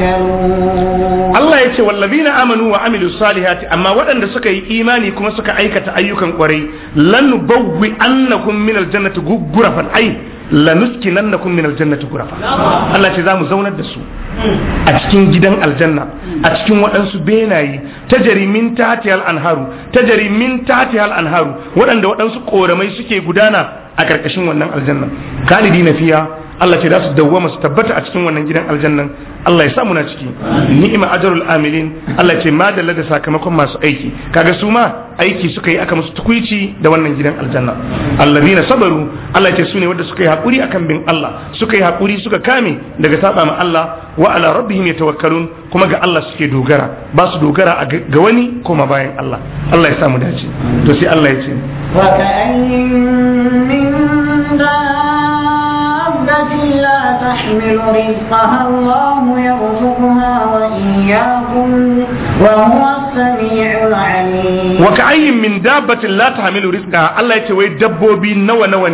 ya ce yace na amanu wa amilus salihati amma waɗanda suka yi imani kuma suka aikata ayyukan kwarai lan bawwi annakum jannati lanuskinannakum minal jannati ghurafan Allah ce mu zaunar da su a cikin gidan aljanna a cikin waɗansu benaye ta jarimin tatiyal anharu ta jarimin tatiyal anharu waɗanda waɗansu koramai suke gudana a ƙarƙashin wannan aljanna kalidi na fiya Allah ce da su dawwama su tabbata a cikin wannan gidan aljannan Allah ya samu na ciki ni'ima ajrul amilin Allah ce ma da sakamakon masu aiki kaga su ma aiki suka yi aka musu tukuici da wannan gidan aljanna alladina sabaru Allah ce su ne wanda suka yi hakuri akan bin Allah suka yi hakuri suka kame daga saba ma Allah wa ala rabbihim yatawakkalun kuma ga Allah suke dogara ba su dogara ga wani kuma bayan Allah Allah ya samu dace to sai Allah ya ce تحمل رزقها الله يرزقها وإياكم وهو السميع العليم وكأي من دابة لا تحمل رزقها الله يتوي دبوبي نوى نوى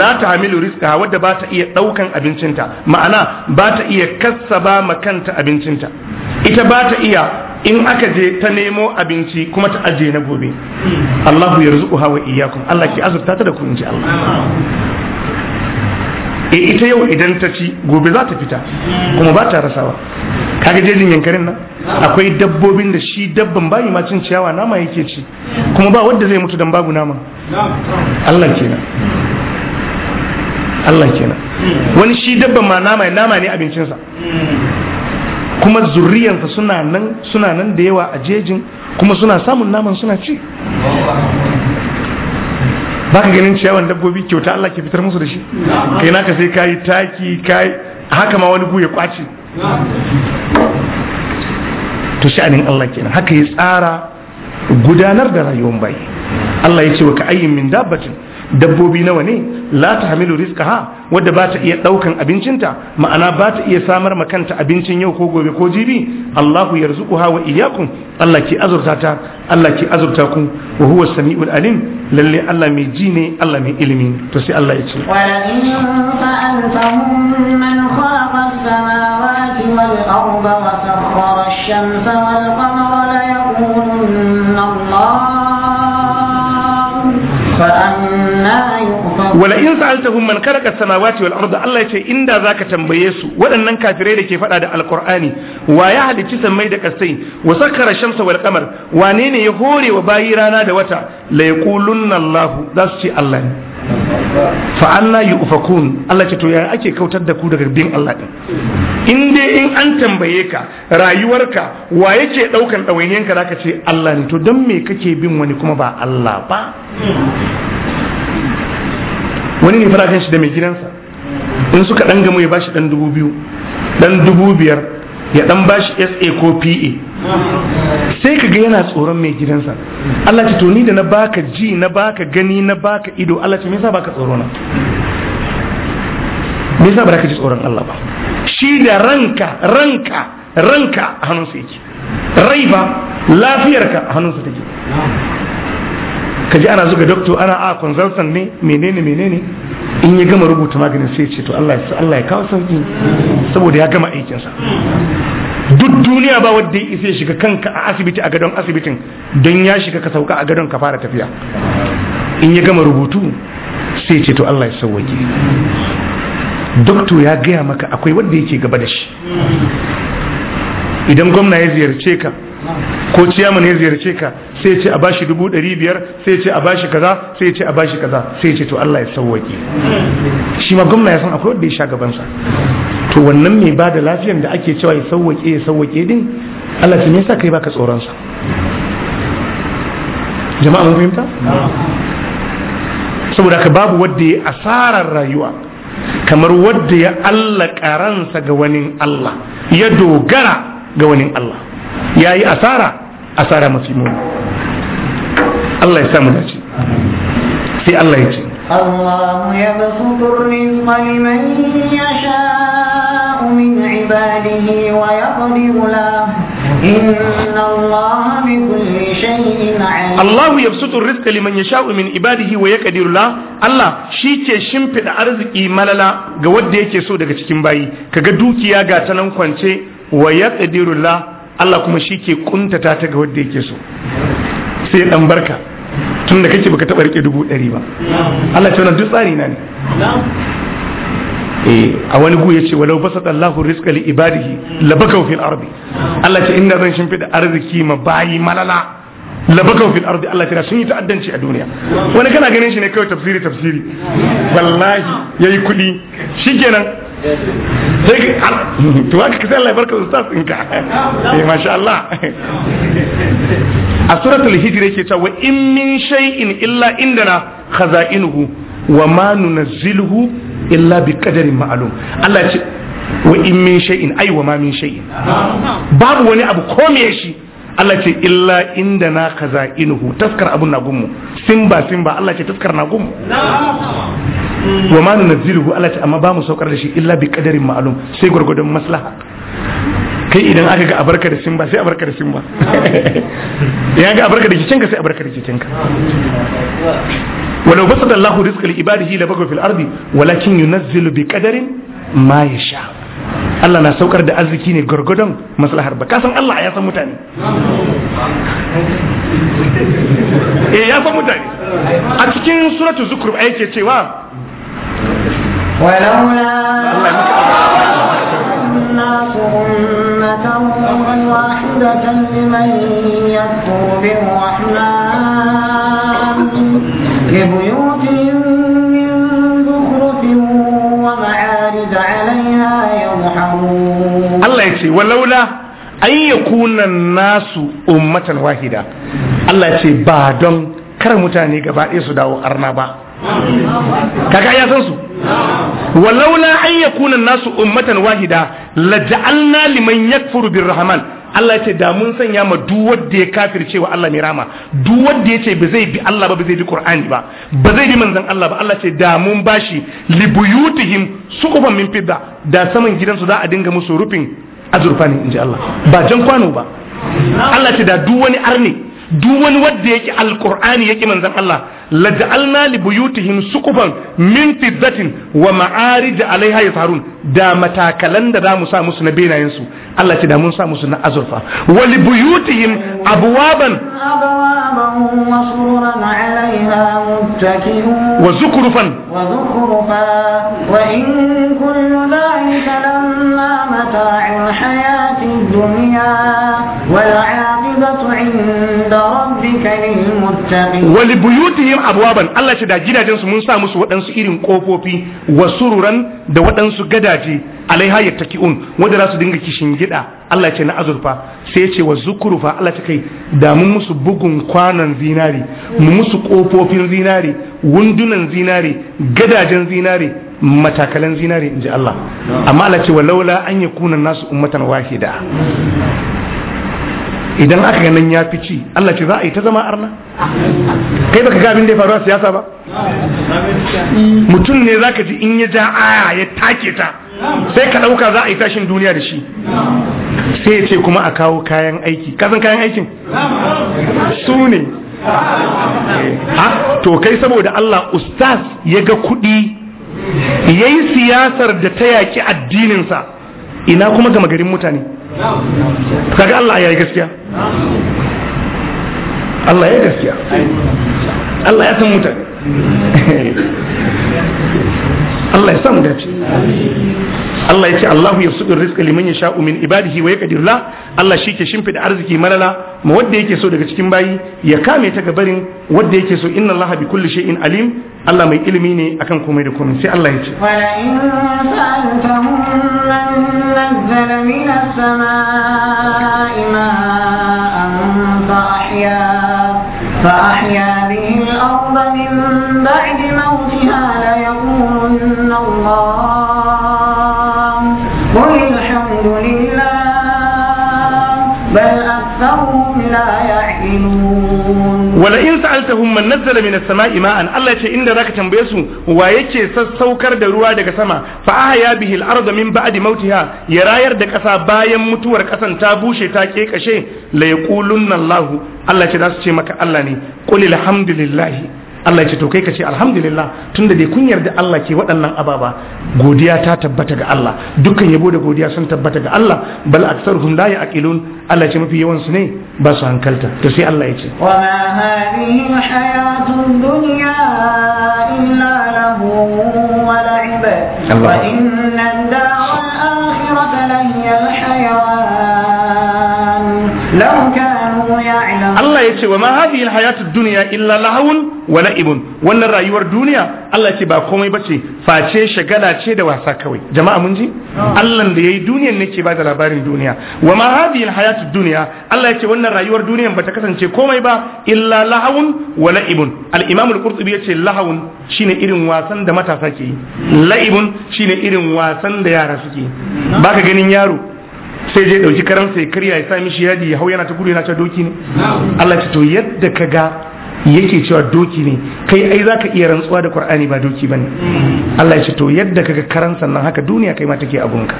لا تحمل رزقها ودى باتا إيا دوكا أبنشنتا معنى باتا إيا كسبا مكانتا أبنشنتا إتا باتا إيا in aka je ta nemo abinci kuma ta ajiye na gobe Allahu ya rizuku hawa iyakum Allah ki azurta ta da ku in ji Allah e ita yau idan ta ci gobe za ta fita kuma ba ta rasawa kaga jejin yankarin nan akwai dabbobin da shi dabban bayi ma cin ciyawa nama yake ci kuma ba wanda zai mutu dan babu nama Allah kenan Allah kenan wani shi dabban ma nama nama ne abincinsa kuma zuriyansa suna nan suna nan da yawa a jejin kuma suna samun naman suna ci ba ka ganin ciyawan dabbobi kyauta Allah ke fitar musu da shi kai naka sai kayi taki kayi haka ma wani ya kwace to sha'anin Allah kenan haka ya tsara gudanar da rayuwar bai Allah ya ce wa ka ayyin min dabbatin dabbobi nawa ne la ta hamilu rizqaha wadda ba ta iya daukan abincinta ma'ana ba ta iya samar ma kanta abincin yau ko gobe ko jibi Allahu yarzuquha wa iyyakum Allah ke azurta ta Allah ke azurta ku wa huwa samiul alim lalle Allah mai ji ne Allah mai ilimi to sai Allah ya ce wa in fa'altahum man khalaqa as-samawati wal arda wa sakhkhara ash-shamsa wal qamara la yaqulunna Allah wala in sa'altahum man khalaqa samawati wal arda Allah ya ce inda zaka tambaye su waɗannan kafirai da ke faɗa da alqur'ani wa ya halicci sammai da kasai wa sakkara shamsa wal qamar wane ne ya hore wa bayi rana da wata la yaqulunna Allah za su ce Allah ne fa anna yufakun Allah ce to yaya ake kautar da ku daga bin Allah din in dai in an tambaye ka rayuwarka wa yake daukan ɗawainiyanka zaka ce Allah ne to dan me kake bin wani kuma ba Allah ba wani ne fara shi da mai gidansa in suka ɗan gamu ya bashi dan dubu biyu dan dubu biyar ya dan bashi SA ko PA sai ka ga yana tsoron mai gidansa Allah ce to ni da na baka ji na baka gani na baka ido Allah ce me yasa baka tsoro na me yasa ba ka ji tsoron Allah ba shi da ranka ranka ranka hannunsa yake rai ba lafiyarka hannunsa take ka ji ana zuga doctor ana a ah, consultant ne menene menene in ya gama rubuta maganin sai ce to Allah ya Allah ya kawo sauki saboda ya gama aikin sa duk duniya ba wanda ya isa shiga kanka a asibiti a gadon asibitin don ya shiga ka sauka a gadon ka fara tafiya in ya gama rubutu sai ce to Allah ya sauwake doctor ya gaya maka akwai wanda yake gaba da shi idan gwamna ya ziyarce ka ko ciyama ne ziyarce ka sai ce a bashi dubu ɗari biyar sai ce a bashi kaza sai ce a bashi kaza sai ce to Allah ya sauwaƙe shi ma gwamna ya san akwai wanda ya sha gabansa to wannan mai ba da lafiyan da ake cewa ya sauwaƙe ya sauwaƙe din Allah ta yasa kai baka tsoronsa jama'a mun fahimta saboda ka babu wanda ya asarar rayuwa kamar wanda ya Allah karansa ga wani Allah ya dogara ga wani Allah ya yi asara asara mafi muni Allah ya samu dace sai Allah ya ce الله يبسط الرزق لمن يشاء من عباده ويقدر له إن الله ya شيء عليم الله يبسط الرزق لمن يشاء من عباده ويقدر له الله shi ke shimfiɗa arziki malala ga wadda yake so daga cikin bayi kaga dukiya ga ta nan kwance wa ya yaqdiru la Allah kuma shi ke kuntata ta ga wadda yake so sai dan barka tun da kake baka taɓa rike dubu ɗari ba Allah ce wannan duk tsari na ne eh, a wani gu ya ce walau basa Allahu rizqa li ibadihi labakaw fil ardi Allah ce inda zan shimfida arziki ma bayi malala labakau fil ardi Allah sun yi ta'addanci a duniya wani kana ganin shi ne kawai tafsiri tafsiri wallahi yayi kuɗi shikenan sai ka to haka ka sai Allah ya barka ustaz ɗinka eh masha Allah a suratul hijr yake cewa in min shay'in illa indana khaza'inuhu wa ma nunazziluhu illa bi qadarin ma'lum Allah ya ce wa in min shay'in ai wa ma min shay'in babu wani abu ko me shi Allah ce illa inda na kaza inuhu taskar abun na gummu simba simba Allah ce taskar na gummu wa ma nunzilu Allah ce amma ba mu saukar da shi illa bi qadarin ma'lum sai gurgudun maslaha kai idan aka ga abarka da simba sai abarka da simba ya ga abarka da kicinka sai abarka da kicinka ولو بسط الله رزق لعباده لبغوا في الارض ولكن ينزل بقدر ما يشاء Allah na saukar da arziki ne gwargwadon maslahar ba kasan Allah ya san mutane eh ya san mutane a cikin suratul zukruf ayake cewa ولولا الناس أمة واحدة لمن يكفر بالرحمن لبيوتهم من زخرف ومعارج عليها يظهرون الله يكفي ولولا أن يكون الناس أمة واحدة الله يكفي بعدهم kar mutane gaba ɗaya su dawo arna ba kaga ya san su walaula an yakuna nasu ummatan wahida la laja'alna liman yakfuru birrahman Allah ce da mun sanya ma duk wanda ya kafirce wa Allah mai rama duk wanda ya ce ba zai bi Allah ba ba zai bi Qur'ani ba ba zai bi manzon Allah ba Allah ce da mun bashi li buyutihim sukuban min fidda da saman gidansu za a dinga musu rufin azurfa ne inji Allah ba jan kwano ba Allah ce da duk wani arni duk wani wanda yake alqur'ani yake manzon Allah لجعلنا لبيوتهم سقفا من فضة ومعارج عليها يظهرون دا متاكلن دا موسى موسى نبينا ينسو الله تدا موسى موسى نأزرفا ولبيوتهم أبوابا أبوابا وصورا عليها متكئون وزخرفا وزخرفا وإن كل ذلك لما متاع الحياة الدنيا والعاقبة عند ربك للمتقين ولبيوتهم alaihim abuwaban Allah ce da gidajensu mun sa musu waɗansu irin ƙofofi wa sururan da waɗansu gadaje alaiha un, wanda za su dinga kishin gida Allah ce na azurfa sai ya ce wa zukurufa Allah ta kai da mun musu bugun kwanan zinari mu musu ƙofofin zinari wundunan zinari gadajen zinari matakalan zinari ji Allah amma Allah ce wa laula an yakuna nasu ummatan wahida idan aka ga nan ya fi ci Allah ce za a yi ta zama arna kai baka ga abin da ya faru a siyasa ba mutum ne zaka ji in ya ja aya ya take ta sai ka dauka za a yi tashin duniya da shi sai ya ce kuma a kawo kayan aiki san kayan aikin su ne ha to kai saboda Allah ustaz ya ga kuɗi yayi siyasar da ta yaki addininsa ina kuma gama garin mutane kaga Allah ya yi gaskiya Allah ya yi gaskiya Allah ya san mutane Allah ya san dace Allah ya ce Allahu ya suɗin rizka liman ya sha'u min ibadihi wa ya kadirla Allah shi ke shimfida arziki marala ma wadda yake so daga cikin bayi ya kame ta gabarin wadda yake so inna Allah bi kulli shay'in alim Allah mai ilimi ne akan komai da komai sai Allah ya ce فأحيا به الأرض من بعد موتها ليقولن الله قل الحمد لله بل أكثرهم لا يعلمون wala in sa'altahum man nazzala min as-sama'i ma'an Allah ce inda zaka tambaye su wa yake sassaukar da ruwa daga sama fa ahya bihi al-ardha min ba'di mautiha ya rayar da kasa bayan mutuwar kasan ta bushe ta kekashe la yaqulunna Allah Allah ce za su ce maka Allah ne qul lillahi. Allah ya ce to kai ka ce alhamdulillah tunda dai kun yarda Allah ke waɗannan ababa godiya ta tabbata ga Allah dukkan yabo da godiya sun tabbata ga Allah bal aktsaruhum la yaqilun Allah ya ce mafi yawan su ne ba su hankalta to sai Allah ya ce wa ma hadhihi hayatud dunya illa lahu wa la'ib wa inna ad-dara al-akhirata la hiya al-hayawan Allah ya ce wa ma hadhihi alhayatud dunya illa lahawun wa la'ibun wannan rayuwar duniya Allah ya ce ba komai bace face shagala ce da wasa kawai jama'a mun ji Allah da yayi duniyar ne ke ba da labarin duniya wa ma hadhihi alhayatud dunya Allah ya ce wannan rayuwar duniyar bata kasance komai ba illa lahawun wa la'ibun al-Imam al-Qurtubi ya ce lahawun shine irin wasan da matasa ke yi la'ibun shine irin wasan da yara suke baka ganin yaro sai zai dauki karamsa ya karya ya sa mishi yadi ya hau yana ta gudu yana ta doki ne Allah ce to yadda ka ga yake cewa doki ne kai ai za ka iya rantsuwa da qur'ani ba doki bane Allah ya ce to yadda kaga karansan nan haka duniya kai ma take abunka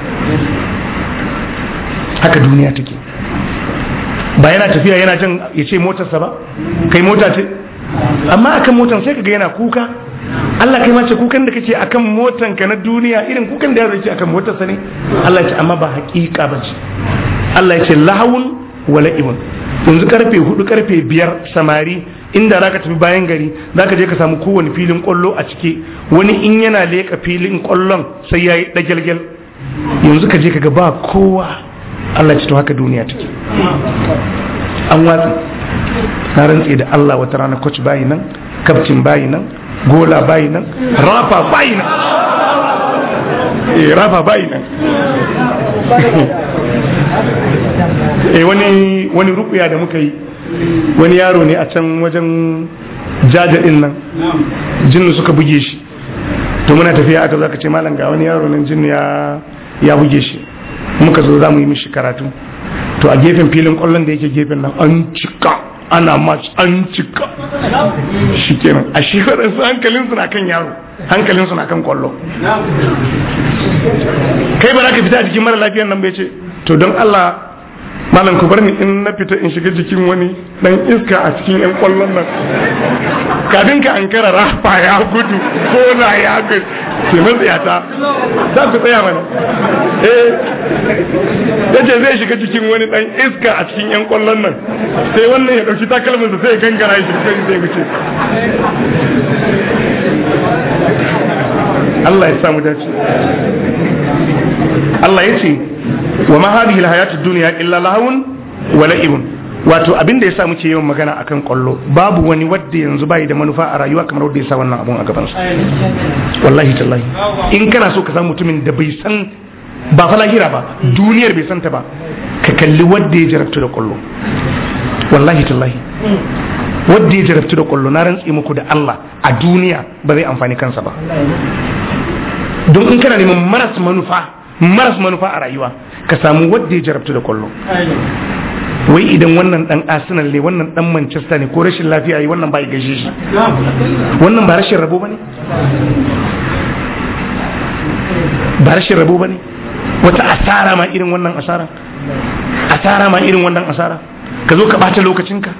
haka duniya take ba yana tafiya yana jan ya ce motarsa ba kai mota ce amma akan motar sai kaga yana kuka Allah kai mace kukan da kake akan motan ka na duniya irin kukan da yaro yake akan motar sa ne Allah ya ce amma ba haƙiƙa ba ce Allah ya ce lahawun wala imun yanzu karfe hudu karfe biyar samari inda za ka tafi bayan gari za ka je ka samu kowane filin kwallo a ciki. wani in yana leka filin kwallon sai ya yi dagelgel yanzu ka je ka ga ba kowa Allah ce to haka duniya take an watsi na rantse da Allah wata rana kwaci bayi nan kabcin bayi nan gola bayi nan rafa bayi nan eh, rafa bayi nan e eh, wani wani rukuya da muka yi wani yaro ne a can wajen jajadin nan jinnu suka buge shi to muna tafiya aka zaka ce malam ga wani yaro nan jinnu ya ya buge shi muka zo za mu yi mishi karatu to a gefen filin kwallon da yake gefen nan an cika ana match an cika shi kenan a shi waɗansu hankalinsu na kan yaro hankalinsu na kan kwallo kai ba za ka fita a jikin mara lafiyan nan bai ce to don allah malam ku bari ni in na fita in shiga jikin wani dan iska a cikin yan kwallon nan kafin ka an kara rafa ya gudu ko na ya gudu ke ta za ku tsaya mana eh yace zai shiga jikin wani dan iska a cikin yan kwallon nan sai wannan ya dauki takalmin sa sai gangara shi sai zai wuce Allah ya samu dace Allah ya ce wa ma hadhihi alhayatu dunya illa lahawun wa la'ibun wato abin da yasa muke yawan magana akan kwallo babu wani wadda yanzu bai da manufa a rayuwa kamar wadda yasa wannan abun a gaban sa wallahi tallahi in kana so ka samu mutumin da bai san ba fa ba duniyar bai santa ba ka kalli wadda ya jarabtu da kwallo wallahi tallahi wadda ya jarabtu da kwallo na rantsi muku da Allah a duniya ba zai amfani kansa ba don in kana neman maras manufa maras manufa a rayuwa ka samu wadda ya jarabtu da kwallo wai idan wannan dan arsenal ne wannan dan manchester ne ko rashin lafiya yi wannan ba ya gaishe shi wannan ba rashin rabo bane ba rashin rabo bane wata asara ma irin wannan asara asara ma irin wannan asara ka zo ka bata lokacinka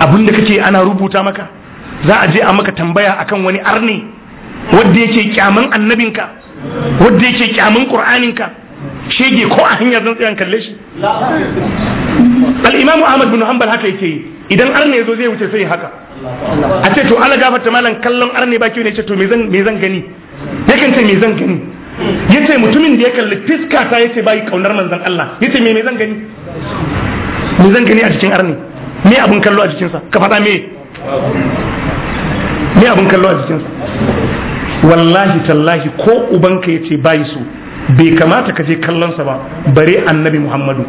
abinda kake ana rubuta maka za a je a maka tambaya akan wani arne wadda yake kyaman annabinka wadda yake kyaman qur'aninka shege ko a hanyar zan tsayan kalle shi al-imamu ahmad bin hanbal haka yake idan arne yazo zai wuce sai haka a ce to ala ta malam kallon arne ba kiyo ne ce to me zan gani yakan ce me zan gani yace mutumin da ya kalli fiska ta yace bai kaunar manzon Allah yace me me zan gani me zan gani a cikin arne me abun kallo a jikinsa ka faɗa me me abun kallo a jikinsa wallahi tallahi ko ubanka ya ce bai bai kamata ka je kallonsa ba bare annabi muhammadu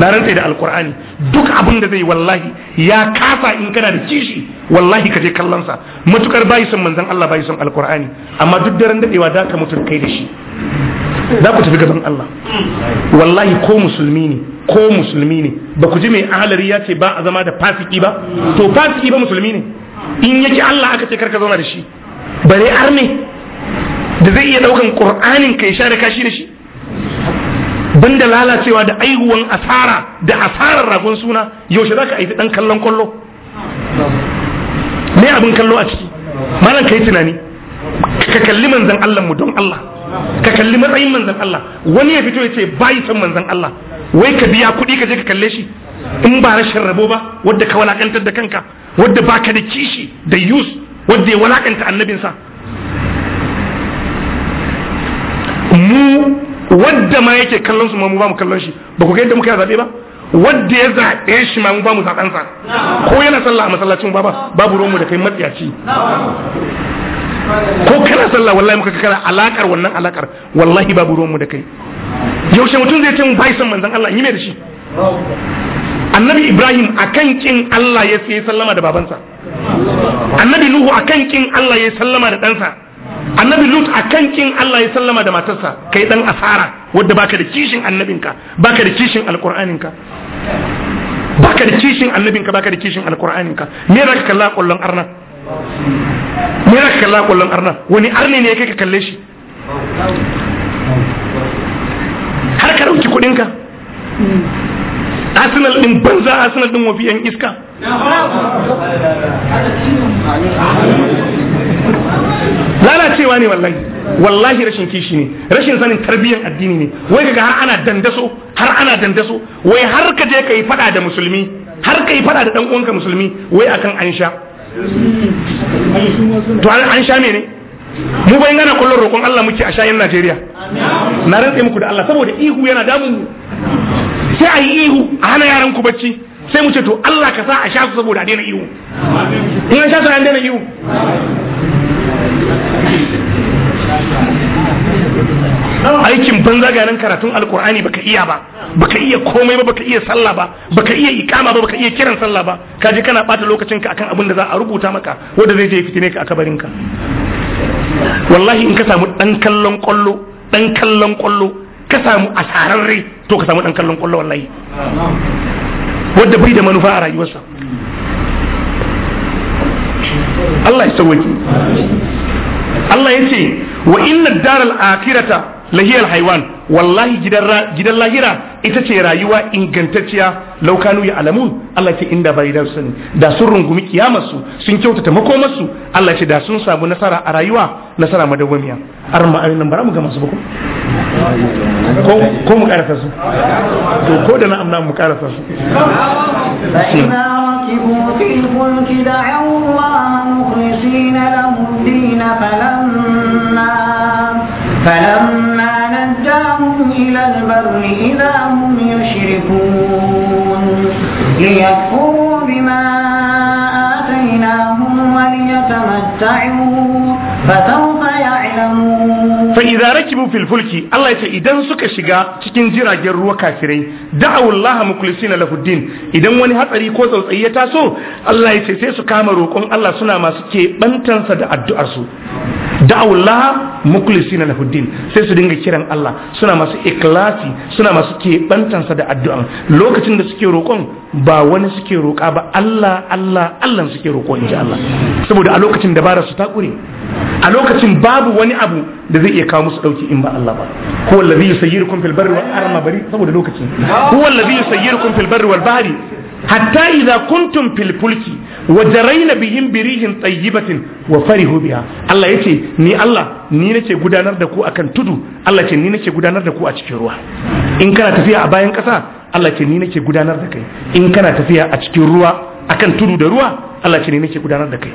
na rantsa da alkur'ani duk abin da zai wallahi ya kasa in kana da kishi wallahi ka je kallonsa matukar bayi son manzon Allah bayi son alkur'ani amma duk daren dadewa za ka mutum kai da shi za ku tafi gaban Allah wallahi ko musulmi ne ko musulmi ne ba ku ji mai ahalari ya ce ba a zama da fasiki ba to fasiki ba musulmi ne in yake Allah aka ce karka zauna da shi bare arme da zai iya daukan qur'anin kai share shi da shi banda lalacewa da aihuwan asara da asarar ragon suna yaushe zaka aiki dan kallon kwallo me abin kallo a ciki malam kai tunani ka kalli manzan Allah mu don Allah ka kalli matsayin manzan Allah wani ya fito ya ce bai san manzan Allah wai ka biya kuɗi ka je ka kalle shi in ba rashin rabo ba wadda ka walakantar da kanka wadda baka da kishi da yus wanda ya walakanta annabinsa mu wadda ma yake kallon su ma mu ba mu kallon shi ba ku ga yadda muka zaɓe ba wadda ya zaɓe shi ma mu ba mu zaɓensa ko yana sallah a masallacin ba babu romu da kai matsiyaci ko kana sallah wallahi muka kakara alakar wannan alakar wallahi babu romu da kai yaushe mutum zai ce mu bai san manzon Allah yi mai da shi annabi ibrahim kan kin Allah ya sai sallama da babansa annabi nuhu kan kin Allah ya sallama da ɗansa annabi lut kan kin Allah ya sallama da matarsa kai dan asara wadda baka da kishin annabinka baka da kishin ba baka da kishin annabinka baka da kishin Alƙur'aninka, me zaka kalla kullun arna me zaka kalla kullun arna wani arne ne kake kalle shi har ka dauki kudinka arsenal din banza arsenal din wafi yan iska lalacewa ne wallahi wallahi rashin kishi ne rashin sanin tarbiyyar addini ne wai ga har ana dandaso har ana dandaso wai har ka je ka yi fada da musulmi har ka yi fada da dan uwanka musulmi wai akan an sha to an sha ne mu bayan gana kullun roƙon Allah muke a shayin Najeriya na rantsa muku da Allah saboda ihu yana damu sai a yi ihu a hana yaran ku bacci sai mu ce to Allah ka sa a sha su saboda a daina ihu in an sha su an daina ihu aikin banza ganin karatun alkur'ani baka iya ba baka iya komai ba baka iya sallah ba baka iya ikama ba baka iya kiran sallah ba kaje kana bata lokacin ka akan abin da za a rubuta maka wanda zai je fitine ka a kabarin ka wallahi in ka samu dan kallon kwallo dan kallon kwallo ka samu asararre to ka samu dan kallon kwallo wallahi wadda bai da manufa a rayuwarsa Allah ya sauwaki Allah ya ce wa inna daral akhirata lahiyal haywan wallahi gidan lahira ita ce rayuwa ingantacciya laukanu ya alamun Allah ce inda bai dan sani da sun rungumi kiyamarsu sun kyautata makomarsu Allah ce da sun samu nasara a rayuwa nasara madawwamiya har ma nan bara mu ga masu bako ko mu karasa su to ko da na amna mu karasa su في فلما البر إذا هم يشركون ليكفروا بما آتيناهم وليتمتعوا فسوف يعلمون فإذا ركبوا في الفلك الله يتي إذا سكا شغا cikin jiragen ruwa kafirai da'awul laha mukhlisina lahu idan wani hatsari ko tsautsayi ya taso Allah ya ce sai su kama roƙon Allah suna masu keɓantansa da addu'ar su da'awullaha mukhlisina lahu din sai su dinga kiran Allah suna masu ikhlasi suna masu keɓantansa da addu'an lokacin da suke roƙon ba wani suke roƙa ba Allah Allah Allah suke roƙo in ji Allah saboda a lokacin dabara su ta ƙure a lokacin babu wani abu da zai iya kawo musu ɗauki in ba Allah ba huwa allazi yusayyirukum fil barri wal arma bari saboda lokacin huwa allazi yusayyirukum fil barri wal Bari. hatta idza kuntum fil fulki wajaraina bihim birihin tayyibatin wa farihu biya. Allah ce ni Allah ni nake gudanar da ku akan tudu Allah ce ni nake gudanar da ku a cikin ruwa in kana tafiya a bayan kasa Allah ce ni nake gudanar da kai in kana tafiya a cikin ruwa akan tudu da ruwa Allah ce ni nake gudanar da kai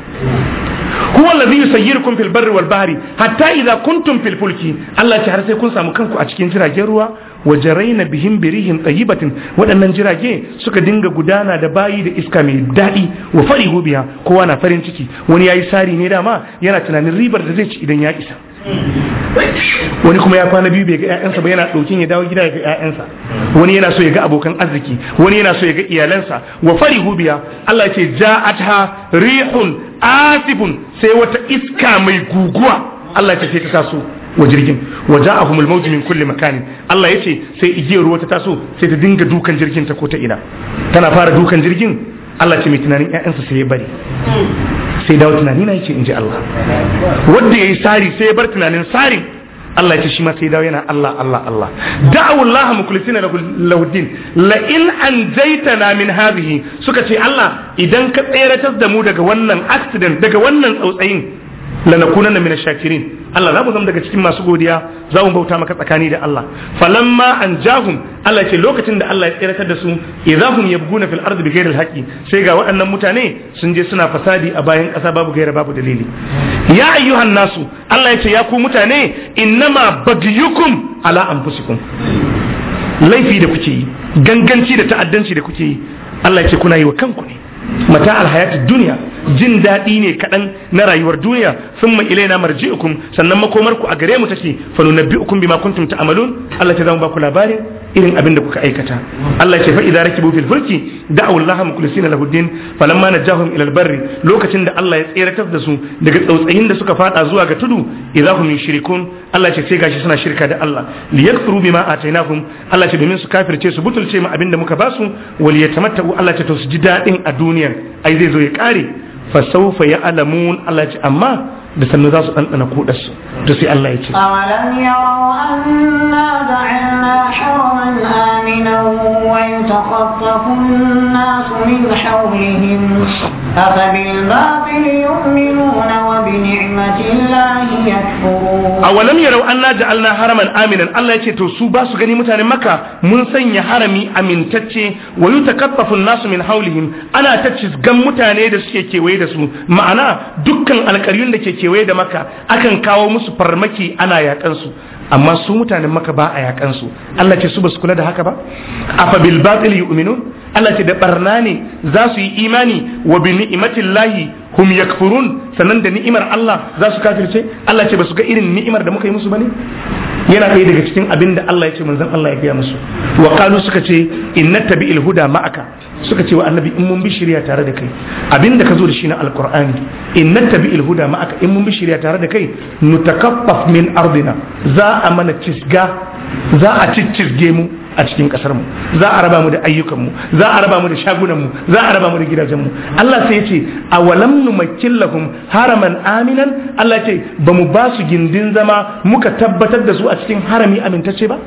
huwa allazi yusayyirukum fil barri wal bahri hatta idza kuntum fil fulki Allah ce har sai kun samu kanku a cikin jiragen ruwa wa bihim birihin tayyibatin waɗannan jirage suka dinga gudana da bayi da iska mai daɗi wa farihu biha kowa na farin ciki wani yayi sari ne dama yana tunanin ribar da zai ci idan ya isa wani kuma ya kwana biyu bai ga ƴaƴansa ba yana ɗokin ya dawo gida ya ga ƴaƴansa wani yana so ya ga abokan arziki wani yana so ya ga iyalansa wa fari biya Allah ce ja'atha rihun asifun sai wata iska mai guguwa Allah ce sai ta taso wa jirgin wa ja'ahum al-mawju min kulli makan Allah yace sai igiyar ruwa ta taso sai ta dinga dukan jirgin ta ko ta ina tana fara dukan jirgin Allah ce mai tunanin ƴaƴansa sai ya bari sai dawo tunani na yake inji Allah wanda yayi sari sai ya bar tunanin sari Allah ce shi ma sai dawo yana Allah Allah Allah da'u Allah mukhlisina lahu din la in anjaytana min hadhihi suka ce Allah idan ka tseratar da mu daga wannan accident daga wannan tsautsayin lanakunanna min shakirin Allah za mu zama daga cikin masu godiya za mu bauta maka tsakani da Allah falamma anjahum Allah ce lokacin da Allah ya tsiratar da su idahum yabguna fil ardi bighairi alhaqi sai ga waɗannan mutane sun je suna fasadi a bayan ƙasa babu gaira babu dalili ya ayyuhan nasu Allah ya ce ya ku mutane innama bagyukum ala anfusikum laifi da kuke yi ganganci da ta'addanci da kuke yi Allah ya ce kuna yi wa kanku ne mata alhayatu duniya jin daɗi ne kaɗan na rayuwar duniya sun ma ilaina marji'ukum sannan makomarku a gare mu take fa nunabbi'ukum bima kuntum ta'malun Allah ta zama baku labarin irin abin da kuka aikata Allah ce fa idza rakibu fil fulki da'u Allah mukhlisina lahu din falamma najahum ila albarri lokacin da Allah ya tseratar da su daga tsautsayin da suka fada zuwa ga tudu idza hum yushrikun Allah ce sai gashi suna shirka da Allah liyakfuru bima atainahum Allah ce domin su kafirce su butulce mu abin da muka basu wal yatamatta'u Allah ce to su ji daɗin a duniya duniyan ai zai zo ya kare fa sawfa ya'lamun Allah ce amma da sannu za su ɗanɗana kuɗarsu to sai Allah ya ce awalam yarau haraman aminan an ja'alna haraman aminan Allah ya ce to su ba su gani mutane maka? mun sanya harami amintacce wa yatakhaffafu an nasu min haulihim ana ta gan mutane da suke kewaye da su ma'ana dukkan alƙaryun da ke kewaye da maka. akan kawo musu farmaki ana yaƙansu amma su mutanen maka ba a yakansu Allah ce su ba su kula da haka ba afa bil batil yu'minun Allah ce da barna ne za su yi imani wa bi ni'matillahi hum yakfurun sannan da ni'imar Allah za su kafirce Allah ce ba su ga irin ni'imar da muka yi musu bane yana kai daga cikin abin da Allah ya ce manzon Allah ya gaya musu wa qalu suka ce inna tabi'il huda ma'aka suka ce wa annabi in mun bi shari'a tare da kai abin da ka zo da shi na alqur'ani inna tabi'il huda ma'aka in mun bi shari'a tare da kai nutakaffaf min ardina za a mana cisga za a ciccisge mu a cikin kasar mu za a raba mu da ayyukan mu za a raba mu da shagunan mu za a raba mu da gidajen mu Allah sai ya ce awalam numakkin lahum haraman aminan Allah ce ba mu ba su gindin zama muka tabbatar da su a cikin harami amintacce ba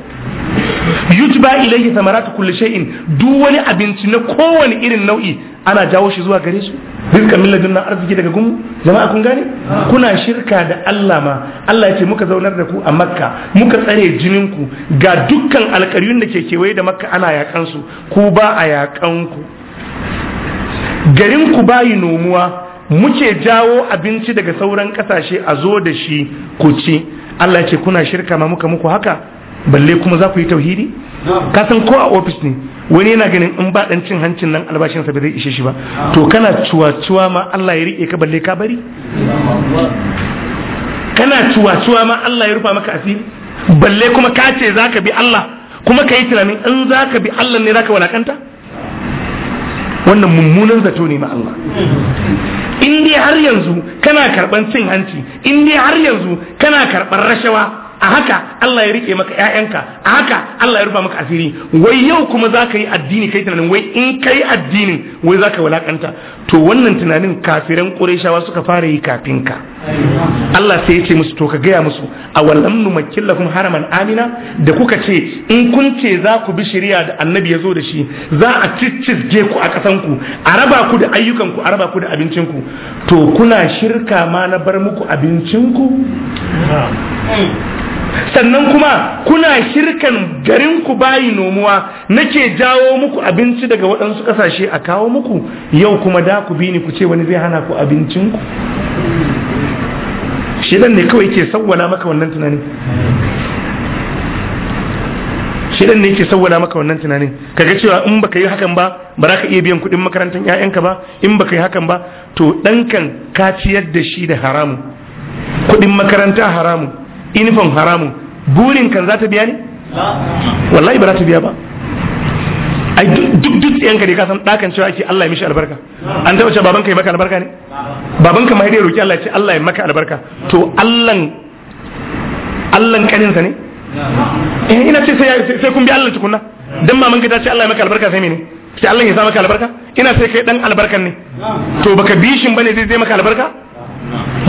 yujba ilayhi thamaratu kulli shay'in duk wani abinci na kowane irin nau'i ana jawo shi zuwa gare su rizqan min ladunna arziki daga gumu jama'a kun gane kuna shirka da Allah ma Allah ya muka zaunar da ku a Makka muka tsare jinin ku ga dukkan alƙaryun da ke kewaye da Makka ana yakan su ku ba a yakan ku garin ku bayi nomuwa muke jawo abinci daga sauran kasashe a zo da shi ku ci Allah ce kuna shirka ma muka muku haka balle kuma za ku yi tauhidi ka san ko a ofis ne wani yana ganin in ba dan cin hancin nan albashinsa ba zai ishe shi ba to kana cuwa-cuwa ma Allah ya rike ka balle ka bari kana cuwa-cuwa ma Allah ya rufa maka asiri balle kuma ka ce za ka bi Allah kuma ka yi tunanin in za ka bi Allah ne za ka walakanta wannan mummunan zato ne ma Allah in dai har yanzu kana karban cin hanci in dai har yanzu kana karban rashawa a haka Allah ya rike maka ƴaƴanka a haka Allah ya rufa maka asiri wai yau kuma za ka yi addini kai tunanin wai in ka yi addinin wai za ka walakanta to wannan tunanin kafiran ƙureshawa suka fara yi kafin ka Allah sai ya ce musu to ka gaya musu a mu numakkin lakum haraman amina da kuka ce in kun ce za ku bi shari'a da annabi ya zo da shi za a ciccizge ku a ƙasan ku a raba ku da ayyukan ku a raba ku da abincin ku to kuna shirka ma na bar muku abincinku sannan kuma kuna shirkan garin ku bayi nomuwa nake jawo muku abinci daga waɗansu ƙasashe a kawo muku yau kuma da ku bi ni ku ce wani zai hana ku abincinku shi ne kawai ke sawwala maka wannan tunanin dan ne ke sawwala maka wannan tunanin kaga cewa in baka yi hakan ba ba za ka iya biyan kuɗin makarantar ƴaƴanka ba in baka yi hakan ba to ɗankan ka ciyar da shi da haramu kuɗin makaranta haramu inifon haramun burin kan za ta biya ne wallahi ba za ta biya ba ai duk duk tsayanka dai ka san dakan cewa ake Allah ya mishi albarka an taba cewa babanka ya maka albarka ne babanka ma dai roki Allah ya ce Allah ya maka albarka to Allahn Allahn kaninsa ne eh ina ce sai sai kun bi Allah tukunna dan mamanka ta ce Allah ya maka albarka sai mene sai Allah ya sa maka albarka ina sai kai dan albarkan ne to baka bishin bane zai zai maka albarka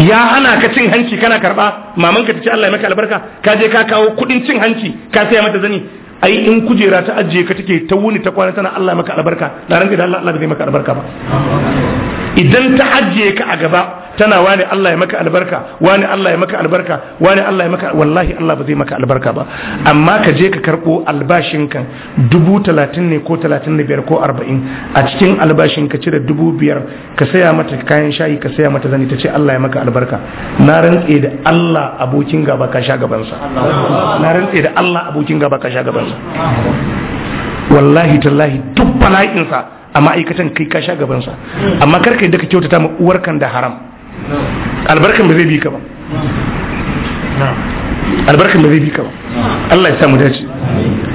ya hana ka cin hanci kana karba maman ka tace Allah ya maka albarka ka je ka kawo kudin cin hanci ka saya mata zani ai in kujera ta ajiye ka take ta wuni ta kwana tana Allah ya maka albarka da ranka da Allah Allah bai maka albarka ba idan ta ajiye ka a gaba tana wani Allah ya maka albarka wani Allah ya maka albarka wani Allah ya maka wallahi Allah ba zai maka albarka ba amma ka je ka karɓo kan dubu talatin ne ko talatin da biyar ko arba'in a cikin albashin ka cire dubu biyar ka saya mata kayan shayi ka saya mata zani ta ce Allah ya maka albarka na rantse da Allah abokin gaba ka sha gabansa na rantse da Allah abokin gaba ka sha gabansa wallahi tallahi duk bala'insa a ma'aikatan kai ka sha gabansa amma karka yadda ka kyautata ma uwarkan da haram البركه ما زي بي كبا البركه ما زي بي كبا الله يسامو داشي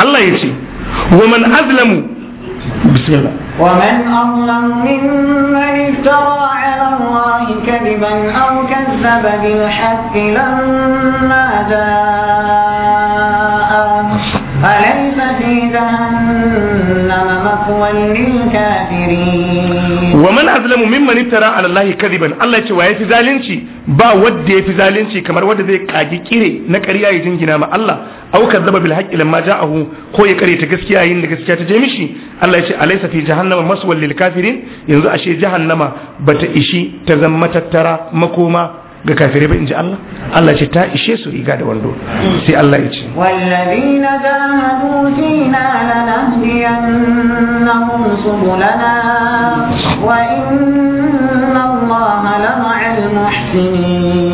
الله يجي ومن اظلم بسم الله ومن اظلم ممن افترى على الله كذبا او كذب بالحق لما جاء اليس في جهنم جهنم مثوى للكافرين ومن أظلم ممن افترى على الله كذبا الله يتي واي في زالنشي با ود في زالنشي كما ود زي كاجي كيري نكريا يجنجنا ما الله أو كذب بالحق لما جاءه هو يكري تغسكيا يين غسكيا تجي مشي الله يتي أليس في جهنم مثوى للكافرين ينزو أشي جهنم بتا إشي تزمت ترى مكوما ga kafirai ba in ji Allah Allah ce ta ishe su riga da wando sai Allah ya ce wallazina jahadu fina lanahdiyannahum subulana wa inna Allah lama'al muhsinin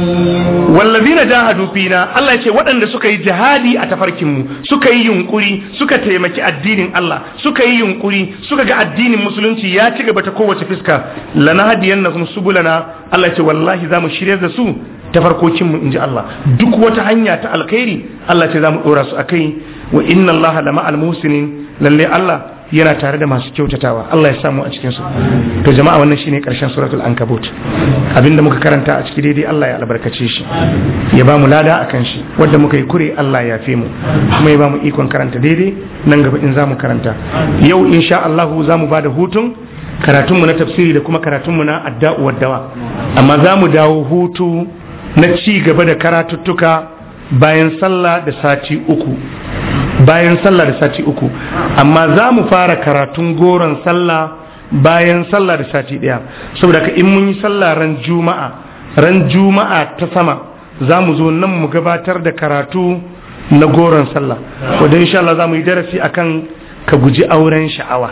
na jahadu fina Allah ce waɗanda suka yi jihadi a tafarkin mu suka yi yunkuri suka taimaki addinin Allah suka yi yunkuri suka ga addinin musulunci ya ci gaba ta kowace fiska lanahdiyannakum subulana Allah ce wallahi zamu shirya da su tafarkokin in inji Allah duk wata hanya ta alkhairi Allah za zamu ɗora su akai wa inna Allah lama almusinin lalle Allah yana tare da masu kyautatawa Allah ya samu a cikin su to jama'a wannan shine karshen suratul ankabut abinda muka karanta a ciki daidai Allah ya albarkace shi ya ba mu lada akan shi wanda muka yi kure Allah ya fi mu kuma ya ba mu ikon karanta daidai nan gaba in zamu karanta yau insha Allah za mu bada hutun karatunmu na tafsiri da kuma karatunmu na adda'uwar dawa amma za mu dawo hutu na ci gaba da karatuttuka bayan sallah da sati uku bayan sallah da sati uku amma za mu fara karatun goron sallah bayan sallah da sati ɗaya saboda ka in mun yi sallah ran juma'a ran juma'a ta sama za mu zo nan mu gabatar da karatu na goron sallah wadda insha Allah za mu yi darasi akan ka guji auren sha'awa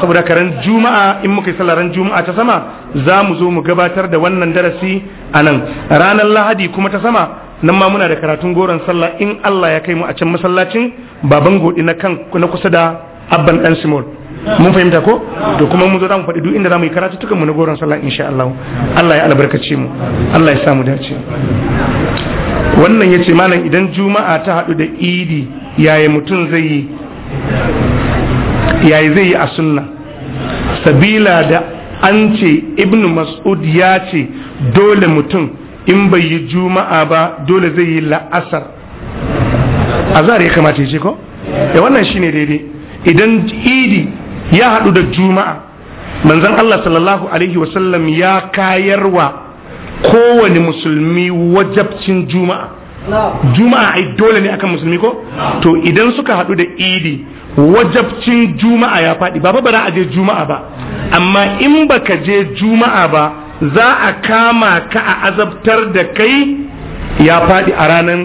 saboda ran juma'a in muka yi sallah ran juma'a ta sama za mu zo mu gabatar da wannan darasi a nan ranar lahadi kuma ta sama nan ma muna da karatun goron sallah in Allah ya kai mu a can masallacin baban godi na kan na kusa da abban dan simon mun fahimta ko to kuma mun zo za mu faɗi duk inda za mu yi karatu tukan mu na goron sallah insha Allah Allah ya albarkace mu Allah ya sa mu dace wannan yace malam idan juma'a ta haɗu da idi yaya mutum zai yi yayi zai yi a sunna sabila da an ce ibnu mas'ud ya ce dole mutum in bai yi juma'a ba dole zai yi la'asar azhar ya kamata ce ko da eh, wannan shine daidai idan idi ya haɗu da juma'a manzon Allah sallallahu alaihi wasallam ya kayarwa kowane musulmi wajabcin juma'a juma'a ai dole ne akan musulmi ko to idan suka haɗu da idi wajabcin juma'a ya faɗi ba bara a je juma'a ba amma in baka je juma'a ba za a kama ka a azabtar da kai ya faɗi a ranar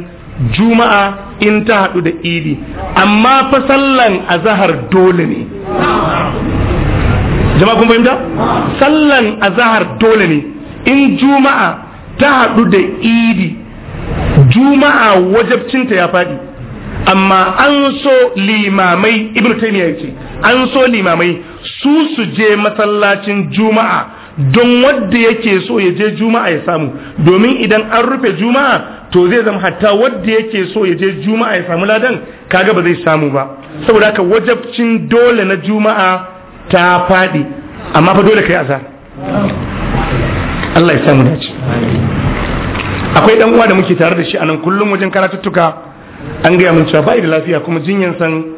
juma'a in ta haɗu da idi amma fa sallan azahar dole ne jama'a kun fahimta sallan azahar dole ne in juma'a ta haɗu da idi juma'a wajabcinta ya faɗi amma an so limamai ibn taymiya yace an so limamai su su je masallacin juma'a don wadda yake so ya je juma'a ya samu domin idan an rufe juma'a to zai zama hatta wadda yake so ya je juma'a ya samu ladan kaga ba zai samu ba saboda haka wajabcin dole na juma'a ta faɗi amma fa dole kai azar Allah ya samu dace akwai dan uwa da muke tare da shi anan kullum wajen karatuttuka an gaya mun cewa bai da lafiya kuma jinyan san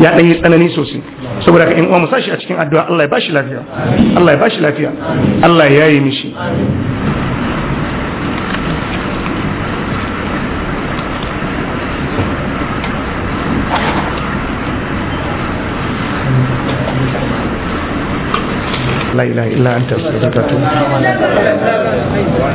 ya dan yi tsanani sosai saboda ka in uwa musashi a cikin addu'a Allah ya bashi lafiya Allah ya bashi lafiya Allah ya yi mishi لا إله إلا أنت أستغفرك